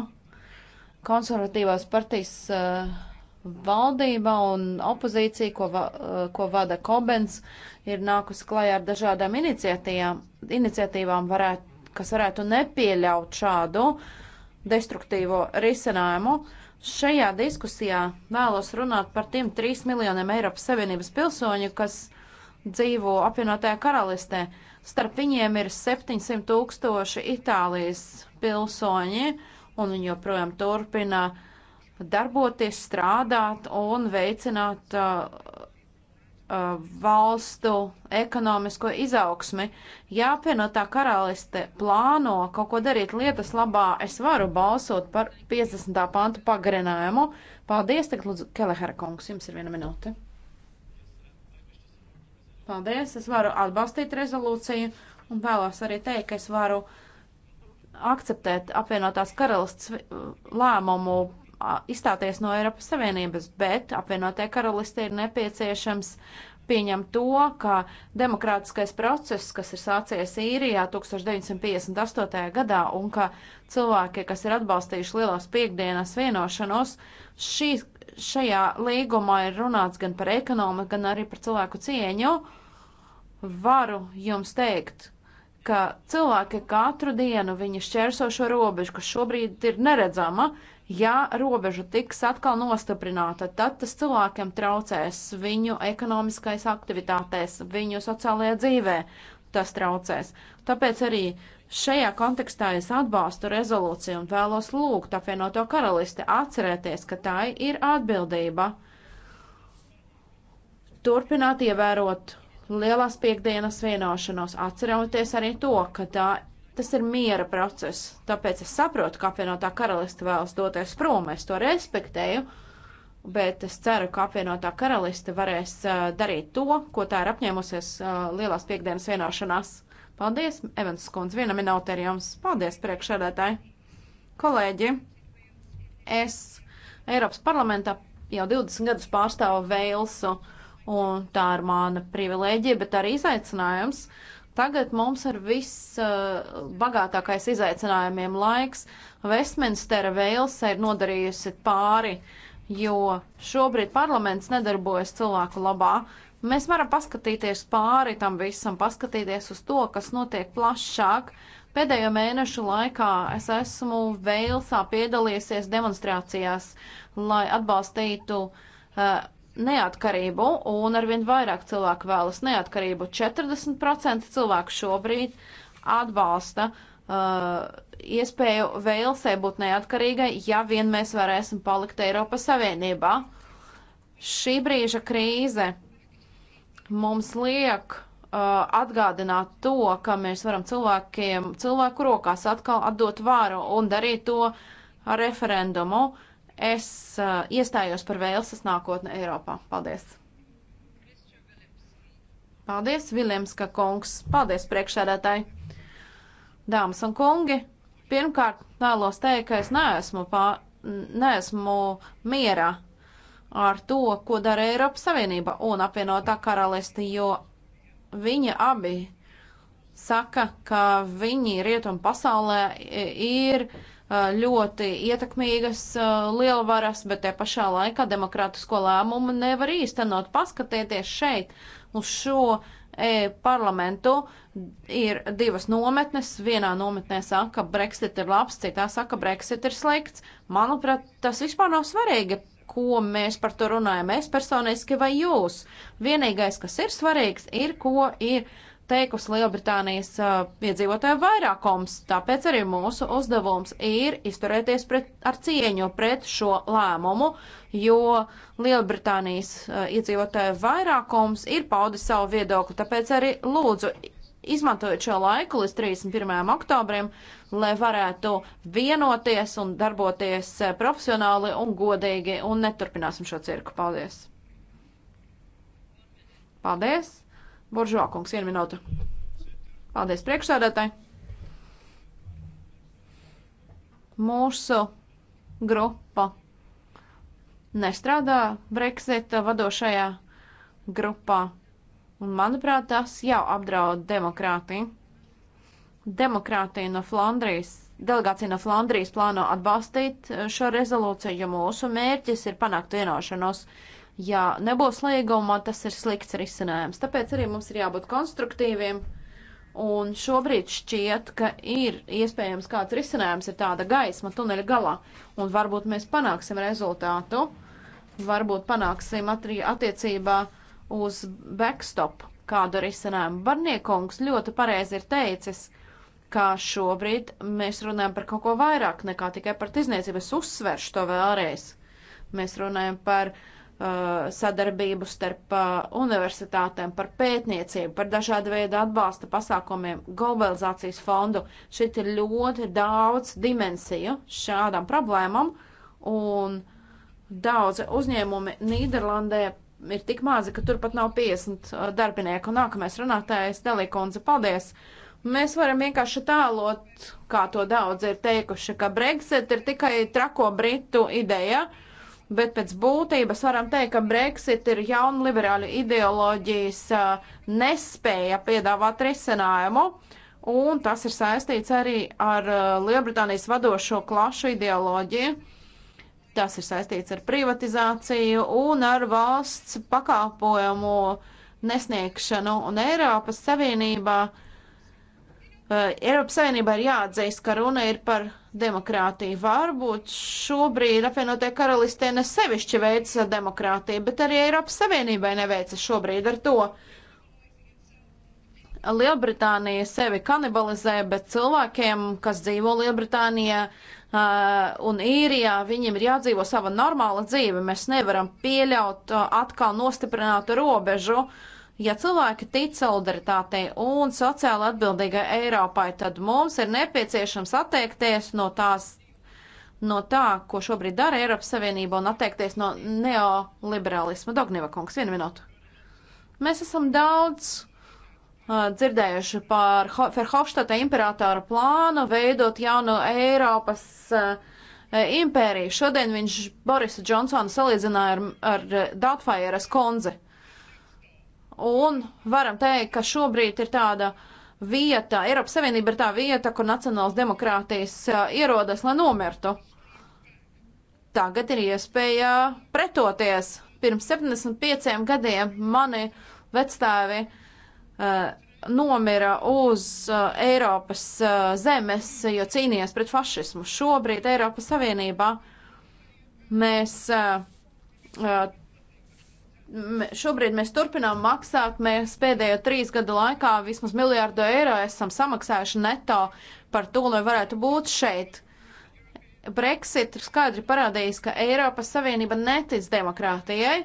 Konservatīvās partijas uh, valdība un opozīcija, ko, va, uh, ko vada Kobens, ir nākusi klajā ar dažādām iniciatīvām, varētu, kas varētu nepieļaut šādu destruktīvo risinājumu. Uh, Šajā diskusijā vēlos runāt par tiem 3 miljoniem Eiropas Savienības pilsoņu, kas dzīvo apvienotajā karalistē. Starp viņiem ir 700 tūkstoši Itālijas pilsoņi, un viņi joprojām turpina darboties, strādāt un veicināt uh, Uh, valstu ekonomisko izaugsmi. Ja apvienotā karaliste plāno kaut ko darīt lietas labā, es varu balsot par 50. pantu pagarinājumu. Paldies, tagad lūdzu, Kelehera kungs, jums ir viena minūte. Paldies, es varu atbalstīt rezolūciju un vēlos arī teikt, ka es varu akceptēt apvienotās karalists lēmumu izstāties no Eiropas Savienības, bet apvienotie karalistē ir nepieciešams pieņemt to, ka demokrātiskais process, kas ir sācies īrijā 1958. gadā, un ka cilvēki, kas ir atbalstījuši lielās piekdienas vienošanos, šī, šajā līgumā ir runāts gan par ekonomiku, gan arī par cilvēku cieņu. Varu jums teikt, ka cilvēki katru dienu viņi šķērso šo robežu, kas šobrīd ir neredzama, Ja robeža tiks atkal nostiprināta, tad tas cilvēkiem traucēs viņu ekonomiskais aktivitātēs, viņu sociālajā dzīvē. Tas traucēs. Tāpēc arī Šajā kontekstā es atbalstu rezolūciju un vēlos lūgt apvienoto karalisti atcerēties, ka tā ir atbildība turpināt ievērot lielās piekdienas vienošanos, atceroties arī to, ka tā Tas ir miera process, tāpēc es saprotu, ka apvienotā karaliste vēlas doties prom, es to respektēju, bet es ceru, ka apvienotā karaliste varēs uh, darīt to, ko tā ir apņēmusies uh, lielās piekdienas vienošanās. Paldies, Evans Skundz, viena minūte ir jums. Paldies, priekšsēdētāji. Kolēģi, es Eiropas parlamentā jau 20 gadus pārstāvu Vēlsu, un tā ir mana privilēģija, bet arī izaicinājums. Uh, Tagad mums ir viss uh, bagātākais izaicinājumiem laiks. Vestminstera vēlse ir nodarījusi pāri, jo šobrīd parlaments nedarbojas cilvēku labā. Mēs varam paskatīties pāri tam visam, paskatīties uz to, kas notiek plašāk. Pēdējo mēnešu laikā es esmu Velsā piedalījusies demonstrācijās, lai atbalstītu uh, neatkarību, un arvien vairāk cilvēku vēlas neatkarību. 40% cilvēku šobrīd atbalsta uh, iespēju Velsē būt neatkarīgai, ja vien mēs varēsim palikt Eiropas Savienībā. Šī brīža krīze mums liek uh, atgādināt to, ka mēs varam cilvēkiem, cilvēku rokās atkal atdot vāru un darīt to ar referendumu. Uh, es uh, iestājos par Velsas nākotni Eiropā. Paldies! Paldies, Viljamska kungs! Paldies, priekšsēdētāji! Dāmas un kungi! Pirmkārt, vēlos teikt, ka es neesmu, pā, neesmu mierā ar to, ko dara Eiropas Savienība un apvienotā karalisti, jo viņi abi saka, ka viņi rietumu pasaulē ir uh, ļoti ietekmīgas lielvaras, bet te pašā laikā demokrātisko lēmumu nevar īstenot. Paskatieties šeit uz šo e, parlamentu. Ir divas nometnes. Vienā nometnē saka, ka Brexit ir labs, citā saka, ka Brexit ir slikts. Manuprāt, tas vispār nav svarīgi, ko mēs par to runājam, es personiski vai jūs. Vienīgais, kas ir svarīgs, ir, ko ir teikusi Lielbritānijas uh, iedzīvotāju vairākums, tāpēc arī mūsu uzdevums ir izturēties pret, ar cieņu pret šo lēmumu, jo Lielbritānijas uh, iedzīvotāju vairākums ir paudis savu viedokli, tāpēc arī lūdzu izmantojot šo laiku līdz 31. oktobrim, lai varētu vienoties un darboties profesionāli un godīgi un neturpināsim šo cirku. Paldies! Paldies! Buržo kungs, viena minūte. Paldies priekšsādātāji. Mūsu grupa nestrādā Brexita vadošajā grupā. Un, manuprāt, tas jau apdraud demokrātiju. Demokrātija no Flandrijas, delegācija no Flandrijas plāno atbalstīt šo rezolūciju, jo mūsu mērķis ir panākt vienošanos ja nebūs līguma, tas ir slikts risinājums. Tāpēc arī mums ir jābūt konstruktīviem. Un šobrīd šķiet, ka ir iespējams kāds risinājums, ir tāda gaisma tuneļa galā, un varbūt mēs panāksim rezultātu, varbūt panāksim atrie, attiecībā uz backstop kādu risinājumu. Barniekungs ļoti pareizi ir teicis, ka šobrīd mēs runājam par kaut ko vairāk nekā tikai par tizniecību. Es uzsveršu to vēlreiz. Mēs runājam par uh, Uh, sadarbību starp uh, universitātēm, par pētniecību, par dažādu veidu atbalsta pasākumiem, globalizācijas fondu. Šeit ir ļoti daudz dimensiju šādām problēmām, un daudzi uzņēmumi Nīderlandē ir tik mazi, ka tur pat nav 50 uh, darbinieku. Nākamais runātājs Delikundze, paldies! Mēs varam vienkārši tēlot, kā to daudz ir teikuši, ka Brexit ir tikai trako Britu ideja. Ja? bet pēc būtības varam teikt, ka Brexit ir jauna liberāļu ideoloģijas nespēja piedāvāt risinājumu, un tas ir saistīts arī ar Lielbritānijas vadošo klašu ideoloģiju. Tas ir saistīts ar privatizāciju un ar valsts pakalpojumu nesniegšanu, un Eiropas Savienībā. Eiropas Savienībā ir jāatzīst, ka runa ir par demokrātija. Varbūt šobrīd apvienotie karalistē ne sevišķi veicas ar demokrātiju, bet arī Eiropas Savienībai neveicas šobrīd ar to. Lielbritānija sevi kanibalizē, bet cilvēkiem, kas dzīvo Lielbritānijā uh, un īrijā, viņiem ir jādzīvo sava normāla dzīve. Mēs nevaram pieļaut uh, atkal nostiprinātu robežu uh, Ja cilvēki tic solidaritātei un sociāli atbildīgai Eiropai, tad mums ir nepieciešams atteikties no tās, no tā, ko šobrīd dara Eiropas Savienība un atteikties no neoliberālisma. Dognieva kungs, vienu minūtu. Mēs esam daudz uh, dzirdējuši par Ferhofštata imperātora plānu veidot jaunu Eiropas uh, impēriju. Šodien viņš Borisa Džonsonu salīdzināja ar, ar Doubtfire's konzi. Un varam teikt, ka šobrīd ir tāda vieta, Eiropas Savienība ir tā vieta, kur nacionāls demokrātijas ierodas, lai nomirtu. Tagad ir iespēja pretoties. Pirms 75 gadiem mani vecstāvi uh, nomira uz uh, Eiropas uh, zemes, jo cīnījās pret fašismu. Šobrīd Eiropas Savienībā mēs uh, uh, šobrīd mēs turpinām maksāt. Mēs pēdējo trīs gadu laikā vismaz miljārdu eiro esam samaksājuši neto par to, lai varētu būt šeit. Brexit ir skaidri parādījis, ka Eiropas Savienība netic demokrātijai.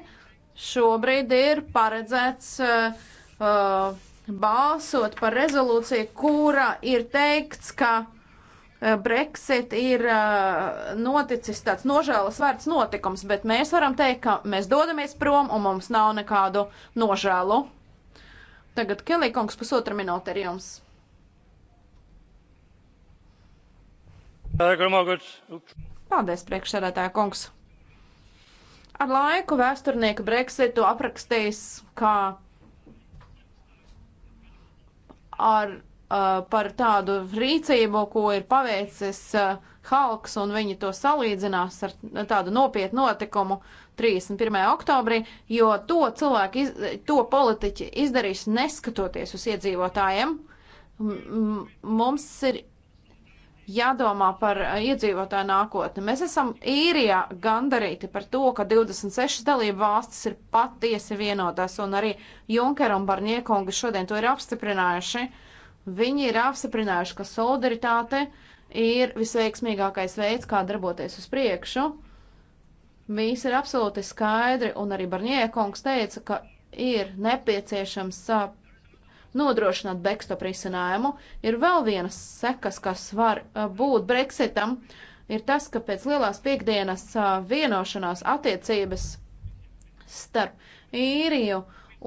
Šobrīd ir paredzēts uh, uh, balsot par rezolūciju, kura ir teikts, ka uh, Eh, Brexit ir eh, noticis tāds nožēlas vērts notikums, bet mēs varam teikt, ka mēs dodamies prom un mums nav nekādu nožēlu. Tagad Kelīkungs pusotra minūte ir jums. Paldies, priekšsēdētāja kungs. Ar laiku vēsturnieku Brexitu aprakstījis kā ar par tādu rīcību, ko ir paveicis Halks, un viņi to salīdzinās ar tādu nopietnu notikumu 31. oktobrī, jo to cilvēki, iz, to politiķi izdarīs neskatoties uz iedzīvotājiem. Mums ir jādomā par iedzīvotāju nākotni. Mēs esam īrijā gandarīti par to, ka 26 dalību valstis ir patiesi vienotās, un arī Junker un Barniekungi šodien to ir apstiprinājuši. Uh, Viņi ir apstiprinājuši, ka solidaritāte ir visveiksmīgākais veids, kā darboties uz priekšu. Viss ir absolūti skaidri, un arī Barņēkungs teica, ka ir nepieciešams nodrošināt backstop risinājumu. Ir vēl vienas sekas, kas var būt Brexitam, ir tas, ka pēc lielās piekdienas vienošanās attiecības starp īriju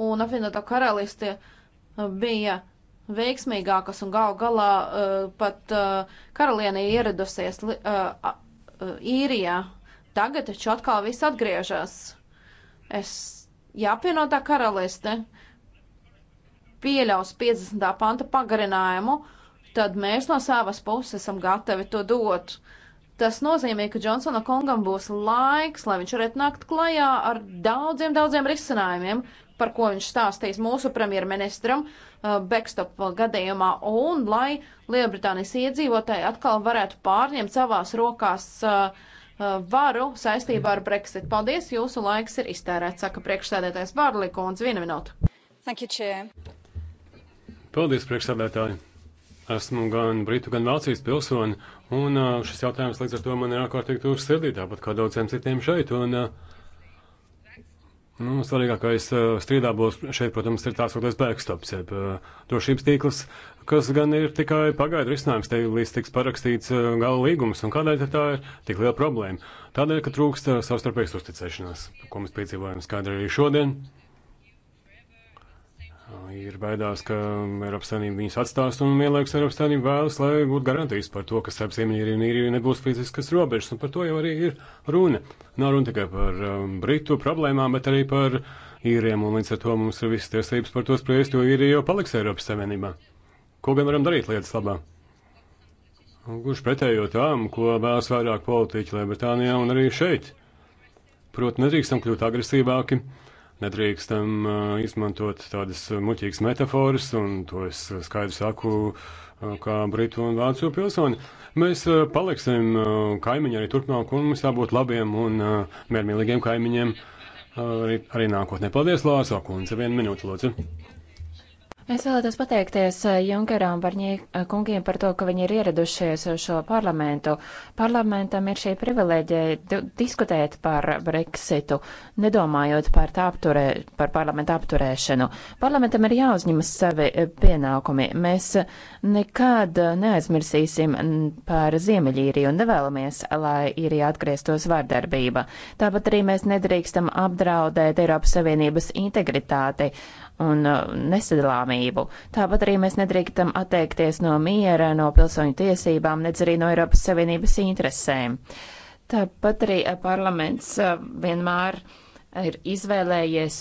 un apvienoto karalisti bija veiksmīgākas un gal galā uh, pat uh, karalienē ieradusies uh, uh, īrijā. Tagad taču atkal viss atgriežas. Es jāpienotā karaliste pieļaus 50. panta pagarinājumu, tad mēs no savas puses esam gatavi to dot. Tas nozīmē, ka Džonsona kungam būs laiks, lai viņš varētu nākt klajā ar daudziem, daudziem risinājumiem, par ko viņš stāstīs mūsu premjerministram uh, backstop gadījumā, un lai Lielbritānijas iedzīvotāji atkal varētu pārņemt savās rokās uh, uh, varu saistībā ar Brexit. Paldies, jūsu laiks ir iztērēts, saka priekšsēdētājs Bārlikons. Viena minūte. Thank you, Chair. Paldies, priekšsēdētāji. Esmu gan Britu, gan Vācijas pilsoni, un šis jautājums līdz ar to man ir ārkārtīgi tūs sirdī, tāpat kā daudziem citiem šeit. Un, uh, Nu, svarīgākais eh, strīdā būs šeit, protams, ir tās otrais backstops, jeb eh, drošības tīkls, kas gan ir tikai pagaidu risinājums, te līdz tiks parakstīts eh, gala līgums, un kādēļ tā ir tik liela problēma? Tādēļ, ka trūkst savstarpējas uzticēšanās, ko mēs piedzīvojam skaidri arī šodien. Ir baidās, ka Eiropas Savienība viņus atstās un vienlaikus Eiropas Savienība vēlas, lai būtu garantijas par to, ka starp Ziemeļīriju un Īriju nebūs fiziskas robežas, un par to jau arī ir runa. Nav runa tikai par um, Britu problēmām, bet arī par īriem, un līdz ar to mums ir visas tiesības par to spriest, jo īrija jau paliks Eiropas Savienībā. Ko gan varam darīt lietas labā? Kurš pretējo tām, ko vēlas vairāk politiķi Lielbritānijā un arī šeit? Protams, nedrīkstam kļūt agresīvāki Nedrīkstam izmantot tādas muļķīgas metafāras, un to es skaidri saku kā britu un vācu pilsoni. Mēs paliksim kaimiņi arī turpmāk, un mums jābūt labiem un miermīlīgiem kaimiņiem arī, arī nākotnē. Paldies, Lāsā kundze, vienu minūti, lūdzu. Es vēlētos pateikties eh, Junkeram Barņī eh, kungiem par to, ka viņi ir ieradušies uz eh, šo parlamentu. Parlamentam ir šī privileģija diskutēt par Brexitu, nedomājot par, apturē, par parlamentu apturēšanu. Parlamentam ir jāuzņemas savi pienākumi. Mēs nekad neaizmirsīsim par Ziemeļīriju un nevēlamies, lai īrija atgrieztos vardarbība. Tāpat arī mēs nedrīkstam apdraudēt Eiropas Savienības integritāti un uh, nesadalāmību. Tāpat arī mēs nedrīkstam atteikties no miera, no pilsoņu tiesībām, nedz arī no Eiropas Savienības interesēm. Tāpat arī uh, parlaments uh, vienmēr ir izvēlējies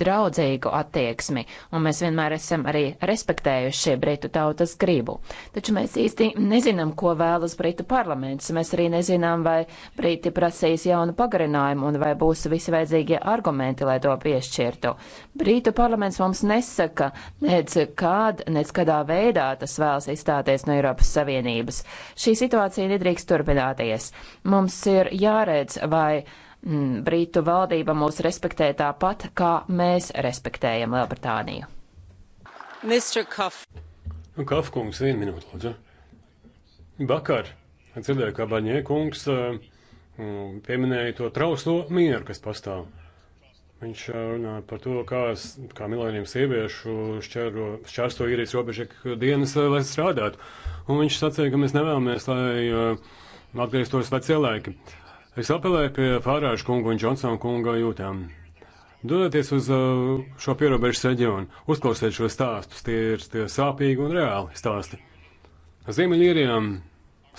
draudzīgu attieksmi, un mēs vienmēr esam arī respektējuši Britu tautas gribu. Taču mēs īsti nezinām, ko vēlas Britu parlaments. Mēs arī nezinām, vai Briti prasīs jaunu pagarinājumu un vai būs visi vajadzīgie argumenti, lai to piešķirtu. Brītu parlaments mums nesaka, nec kād, nec kādā veidā tas vēlas izstāties no Eiropas Savienības. Šī situācija nedrīkst turpināties. Mums ir jāredz, vai mm, Brītu valdība mūs respektē tāpat, kā mēs respektējam Lielbritāniju. Nu, Kafkungs, vienu minūti, lūdzu. Vakar dzirdēju, kā Baņē kungs uh, pieminēja to trauslo mieru, kas pastāv. Viņš eh, runāja par to, kā, kā miljoniem sieviešu šķēro, šķērsto īrijas robežu dienas, eh, lai strādātu. Un viņš sacīja, ka mēs nevēlamies, lai atgrieztos veci cilvēki. Uh, Es apelēju pie Fārāža kunga un Džonsona kunga jūtām. Dodieties uz uh, šo pierobežu reģionu, uzklausiet šo stāstus, tie ir tie sāpīgi un reāli stāsti. Ziemeļīrijām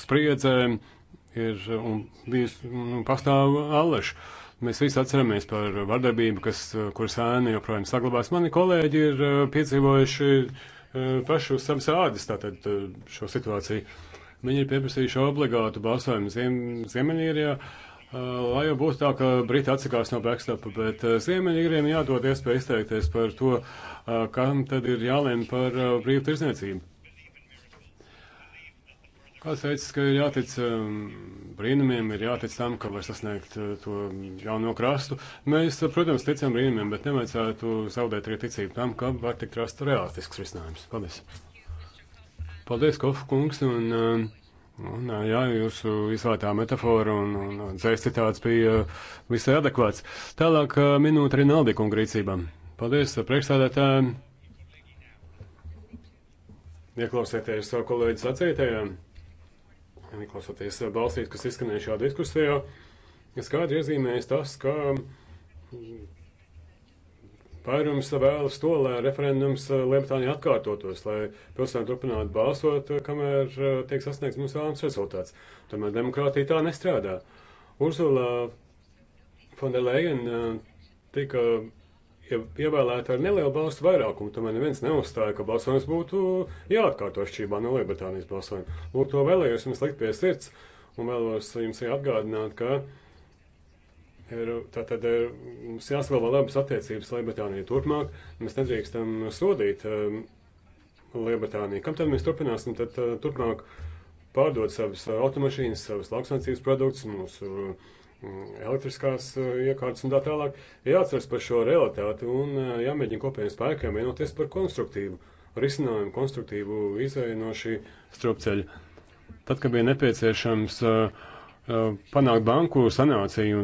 spriedzē ir uh, un bijis nu, pastāv alleši. Mēs visi atceramies par vardarbību, kas, uh, kuras ēna joprojām saglabās. Mani kolēģi ir piedzīvojuši pašu savas ādas tātad šo situāciju. Viņi ir pieprasījuši obligātu balsojumu Ziem, Ziemeļīrijā. Ja Uh, lai jau būtu tā, ka Briti atsakās no backstopa, bet uh, Ziemeļīriem jādod iespēja izteikties par to, uh, kam tad ir jālēm par brīvu tirzniecību. Kāds teica, ka ir jātic um, brīnumiem, ir jātic tam, ka var sasniegt to jauno krastu. Mēs, protams, ticam brīnumiem, bet nevajadzētu zaudēt arī ticību tam, ka var tikt rast realistisks risinājums. Paldies! Paldies, Kofu kungs! Un, uh, Un, jā, jūsu izvēlētā metafora un, un dzēs citāts bija visai adekvāts. Tālāk minūte Rinaldi kunga rīcībām. Paldies, priekšstādātāji. Ieklausieties savu kolēģi sacītajā, ieklausoties balsīs, kas izskanēja šajā diskusijā. Skaidri iezīmējas tas, ka Vairums vēlas to, lai referendums eh, Lielbritānijā atkārtotos, lai pilsēta turpinātu balsot, eh, kamēr eh, tiek sasniegts mums vēlams rezultāts. Tomēr demokrātija tā nestrādā. Ursula Fonderleina tika ievēlēta ar nelielu balstu vairākumu, tomēr neviens neuzstāja, ka balsojums būtu jāatkārto šķībā no Lielbritānijas balsojuma. Lūk, to vēlējos jums likt pie sirds un vēlos jums arī atgādināt, ka Tātad eh, mums jāsaglabā labas attiecības Lielbritānijai turpmāk. Mēs nedrīkstam sodīt eh, Lielbritāniju. Kam tad mēs turpināsim tad eh, turpmāk pārdot savas automašīnas, savas lauksaimniecības produktus, mūsu mm, elektriskās iekārtas un tā tālāk? Jāatceras par šo realitāti un jāmēģina kopējiem spēkiem vienoties par konstruktīvu risinājumu, konstruktīvu izēju no šī strupceļa. Tad, kad bija nepieciešams uh, Eh, panākt banku sanāciju.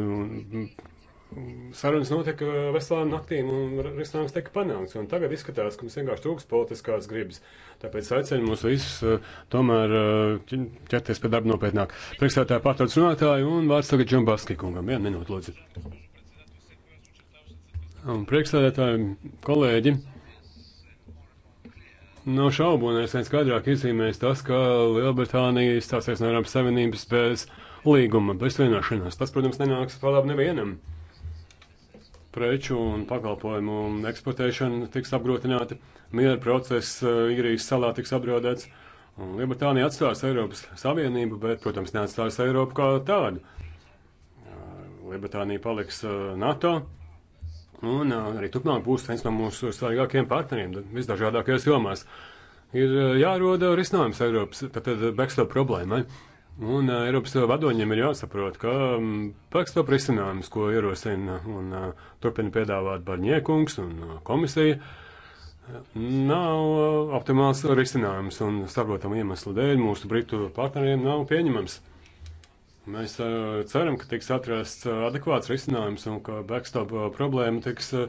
Sarunas notika eh, veselām naktīm, un risinājums tika panākts. Tagad izskatās, ka mums vienkārši trūks politiskās gribas. Tāpēc aicinu mūs visus eh, tomēr ķerties pie darba nopietnāk. Priekšsētāja pārtautas runātāja un vārds tagad Džambaski kungam. Vienu minūtu, lūdzu. Priekšsēdētāji, kolēģi. Nav no šaubu, un es vien skaidrāk izzīmēs tas, ka Lielbritānija izstāsies no Eiropas Savienības bez. Pēc līguma, bez vienošanās. Tas, protams, nenāks par labu nevienam. Preču un pakalpojumu eksportēšana tiks apgrotināta, miera process eh, Īrijas salā tiks apdraudēts. Lielbritānija atstās Eiropas Savienību, bet, protams, neatstās Eiropu kā tādu. Eh, Lielbritānija paliks eh, NATO, Un arī turpmāk būs viens no mūsu svarīgākajiem partneriem visdažādākajās jomās. Ir jāroda risinājums Eiropas backstop problēmai. Ja? Un uh, Eiropas vadoņiem ir jāsaprot, ka um, mm, pakstop risinājums, ko ierosina un uh, turpina piedāvāt Barņiekungs un uh, komisija, nav uh, optimāls risinājums un saprotamu iemeslu dēļ mūsu britu partneriem nav pieņemams. Mēs uh, ceram, ka tiks atrasts uh, adekvāts risinājums un ka backstop uh, problēma tiks uh,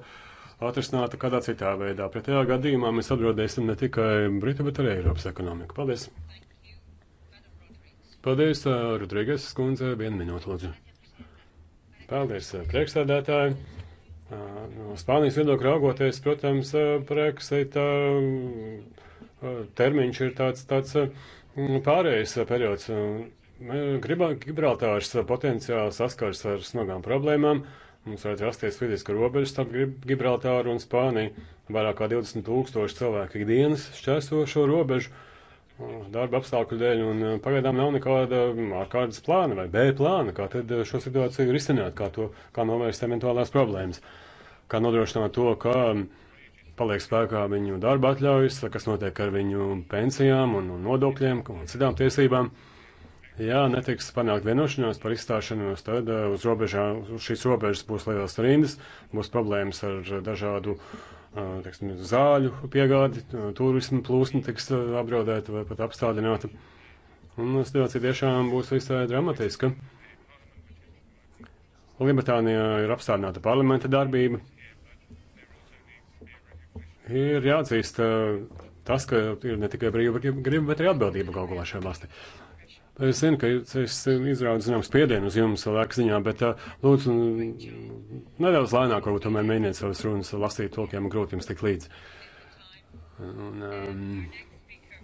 atrisināta kādā citā veidā. Pretējā gadījumā mēs apdraudēsim ne tikai Britu, bet arī Eiropas ekonomiku. Paldies! Paldies, Rodrīgas skundze, vienu minūtu lūdzu. Paldies, priekšsēdētāji. No Spānijas viedokļa raugoties, protams, Brexita termiņš ir tāds, tāds pārējais periods. Gibraltārs potenciāli saskars ar smagām problēmām. Mums vajadzētu rasties fiziska robeža starp Gibraltāru un Spāniju. Vairāk kā 20 tūkstoši cilvēku ikdienas šķērso šo robežu, darba apstākļu dēļ, un eh, pagaidām nav nekāda ārkārtas mm, plāna vai B plāna, kā tad eh, šo situāciju risināt, kā, to, kā novērst eventuālās problēmas, kā nodrošināt to, ka mm, paliek spēkā viņu darba atļaujas, kas notiek ar viņu pensijām un, un nodokļiem un citām tiesībām. Ja netiks panākt vienošanās par izstāšanos, tad eh, uz, robežā, uz šīs robežas būs lielas rindas, būs problēmas ar dažādu uh, teksim, zāļu piegādi, turismu plūsmu tiks apdraudēta vai pat apstādināta. Un situācija tiešām būs visai dramatiska. Lielbritānijā ir apstādināta parlamenta darbība. Ir jāatzīst tas, ka ir ne tikai brīva griba, bet arī atbildība galu galā šai valstī. Es zinu, ka es izrādu zināmu spiedienu uz jums lēkas ziņā, bet lūdzu nedaudz lēnāk, varbūt tomēr mēģiniet savas runas lasīt tulkiem, grūti jums tik līdz. Un, um,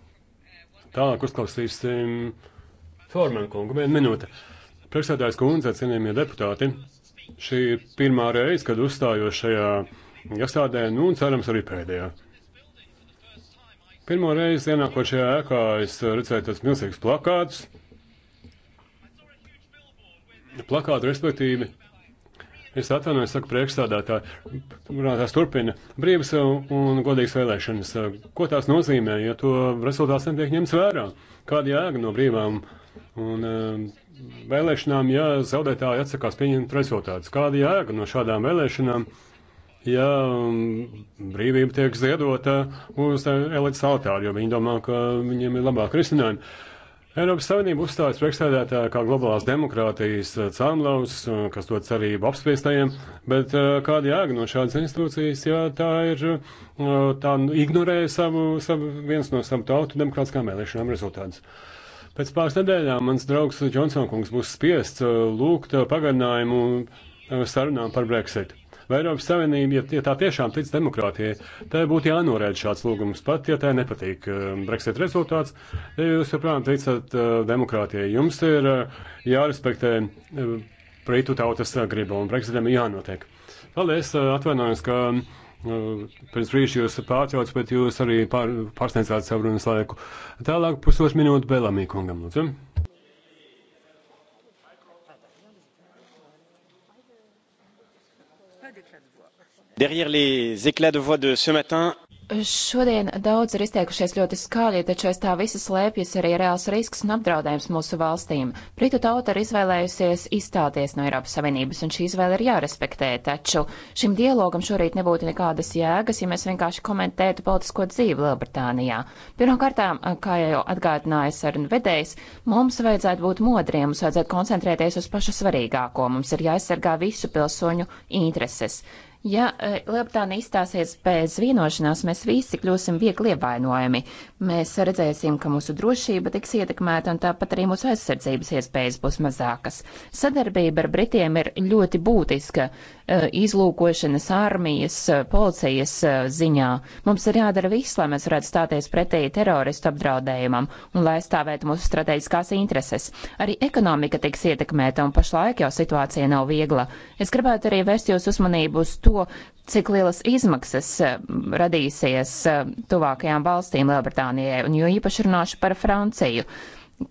tālāk uzklausīsim Forman kungu, vienu minūti. Priekšsēdājas kundze, cienījamie deputāti, šī ir pirmā reize, kad uzstājos šajā iestādē, nu un cerams arī pēdējā. Pirmo reizi ienākot šajā ēkā, es redzēju tos milzīgus plakātus, plakātu, respektīvi, es atvainojos, saku priekšstādātāji, runātājs turpina brīvas uh, un godīgas vēlēšanas. Uh, ko tās nozīmē, ja to rezultāts netiek ņemts vērā? Kāda jēga no brīvām un uh, vēlēšanām, ja zaudētāji atsakās pieņemt rezultātus? Kāda jēga no šādām vēlēšanām? ja um, brīvība tiek ziedota uz elites altāra, jo viņi domā, ka viņiem ir labāk risinājumi. Eiropas Savienība uzstājas priekšstādētā kā globālās demokrātijas eh, cēlonlaus, eh, kas dod cerību apspriestajiem, bet eh, kāda jēga no šādas institūcijas, ja tā ir, tā ignorē savu, savu viens no savu tautu demokrātiskām vēlēšanām rezultātus. Pēc pāris nedēļām mans draugs Džonsonkungs būs spiests lūgt pagarinājumu sarunām par Brexit. Vai Eiropas Savienība, ja tā tiešām tic demokrātijai, tai būtu jānorēd šāds lūgums, pat ja tai nepatīk eh, Brexit rezultāts. Ja jūs joprojām ticat eh, demokrātijai, jums ir eh, jārespektē Britu tautas griba un Brexitam jānotiek. Paldies, atvainojos, ka pirms brīža jūs pārtraucat, bet jūs arī pār, pārsniedzāt savu runas laiku. Tālāk pusotru minūtu Bēlamī kungam, lūdzu. Derrière les éclats de voix de ce matin. Šodien daudz ir izteikušies ļoti skaļi, taču aiz tā visas lēpjas arī reāls risks un apdraudējums mūsu valstīm. Britu tauta ir izvēlējusies izstāties no Eiropas Savienības, un šī izvēle ir jārespektē, taču šim dialogam šorīt nebūtu nekādas jēgas, ja mēs vienkārši komentētu politisko dzīvi Lielbritānijā. Pirmkārtām, kā jau atgādināja sarunu vedējs, mums vajadzētu būt modriem, mums vajadzētu koncentrēties uz pašu svarīgāko, mums ir jāaizsargā visu pilsoņu intereses. Ja e, Lielbritānija izstāsies bez vienošanās, mēs visi kļūsim viegli ievainojami. Mēs redzēsim, ka mūsu drošība tiks ietekmēta un tāpat arī mūsu aizsardzības iespējas būs mazākas. Sadarbība ar Britiem ir ļoti būtiska E, izlūkošanas, armijas, e, policijas e, ziņā. Mums ir jādara viss, lai mēs varētu stāties pretī teroristu apdraudējumam un lai stāvētu mūsu strateģiskās intereses. Arī ekonomika tiks ietekmēta un pašlaik jau situācija nav viegla. Es gribētu arī vērst jūs uzmanību uz to, cik lielas izmaksas radīsies tuvākajām valstīm Lielbritānijai, un jo īpaši runāšu par Franciju,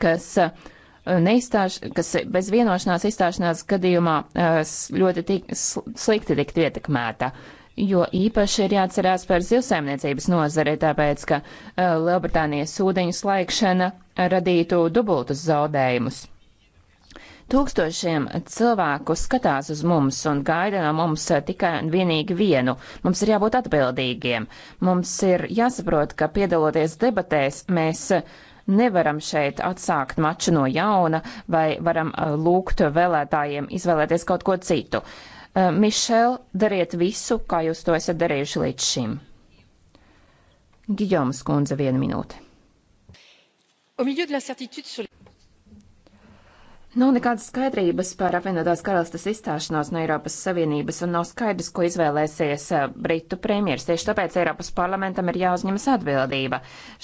kas uh, neizstāš, kas bez vienošanās izstāšanās gadījumā eh, ļoti tik, slikti tiktu ietekmēta. Jo īpaši ir jāatcerās par zivsaimniecības nozari, tāpēc, ka eh, Lielbritānijas ūdeņu slēgšana radītu dubultus zaudējumus. Tūkstošiem cilvēku skatās uz mums un gaida no mums eh, tikai un vienīgi vienu. Mums ir jābūt atbildīgiem. Mums ir jāsaprot, ka piedaloties debatēs mēs uh, nevaram šeit atsākt maču no jauna vai varam uh, lūgt vēlētājiem izvēlēties kaut ko citu. Uh, Mišel, dariet visu, kā jūs to esat darījuši līdz šim. Gijomas kundze, viena minūte. Nav nekādas skaidrības par apvienotās karalistas izstāšanos no Eiropas Savienības un nav skaidrs, ko izvēlēsies eh, Britu premjers. Tieši tāpēc Eiropas parlamentam ir jāuzņemas atbildība.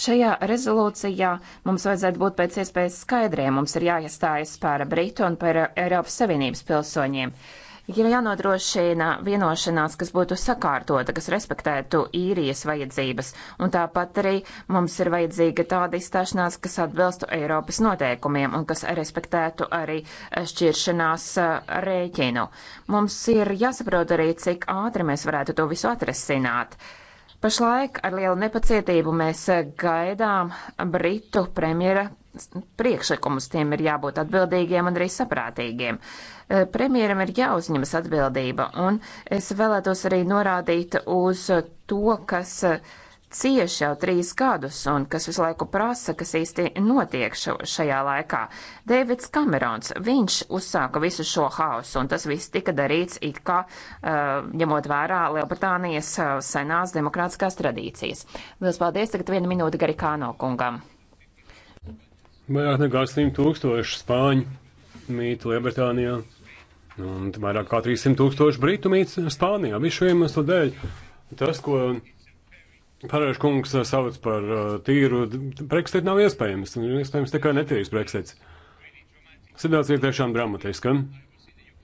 Šajā rezolūcijā mums vajadzētu būt pēc iespējas skaidriem. Mums ir jāiestājas par Britu un par Eiropas Savienības pilsoņiem ir jānodrošina vienošanās, kas būtu sakārtota, kas respektētu īrijas vajadzības, un tāpat arī mums ir vajadzīga tāda izstāšanās, kas atbilstu Eiropas noteikumiem un kas respektētu arī šķiršanās eh, rēķinu. Mums ir jāsaprot arī, cik ātri mēs varētu to visu atrasināt. Pašlaik ar lielu nepacietību mēs eh, gaidām Britu premjera priekšlikumus, tiem ir jābūt atbildīgiem un arī saprātīgiem. Eh, premjeram ir jāuzņemas atbildība, un es vēlētos arī norādīt uz to, kas eh, cieši jau trīs gadus un kas visu laiku prasa, kas īsti notiek šo, šajā laikā. Deivids Kamerons, viņš uzsāka visu šo hausu un tas viss tika darīts it kā uh, ņemot vērā Lielbritānijas uh, senās demokrātiskās tradīcijas. Lielas paldies, tagad viena minūte Garikāno kungam. Vairāk nekā 100 tūkstoši spāņu mītu Lielbritānijā. Un vairāk kā 300 tūkstoši britu mītu Spānijā. Visu šo iemeslu dēļ tas, ko Parāžs kungs sauc par uh, tīru Brexit, nav iespējams. Iespējams tikai netīrs Brexits. Situācija ir tiešām dramatiska.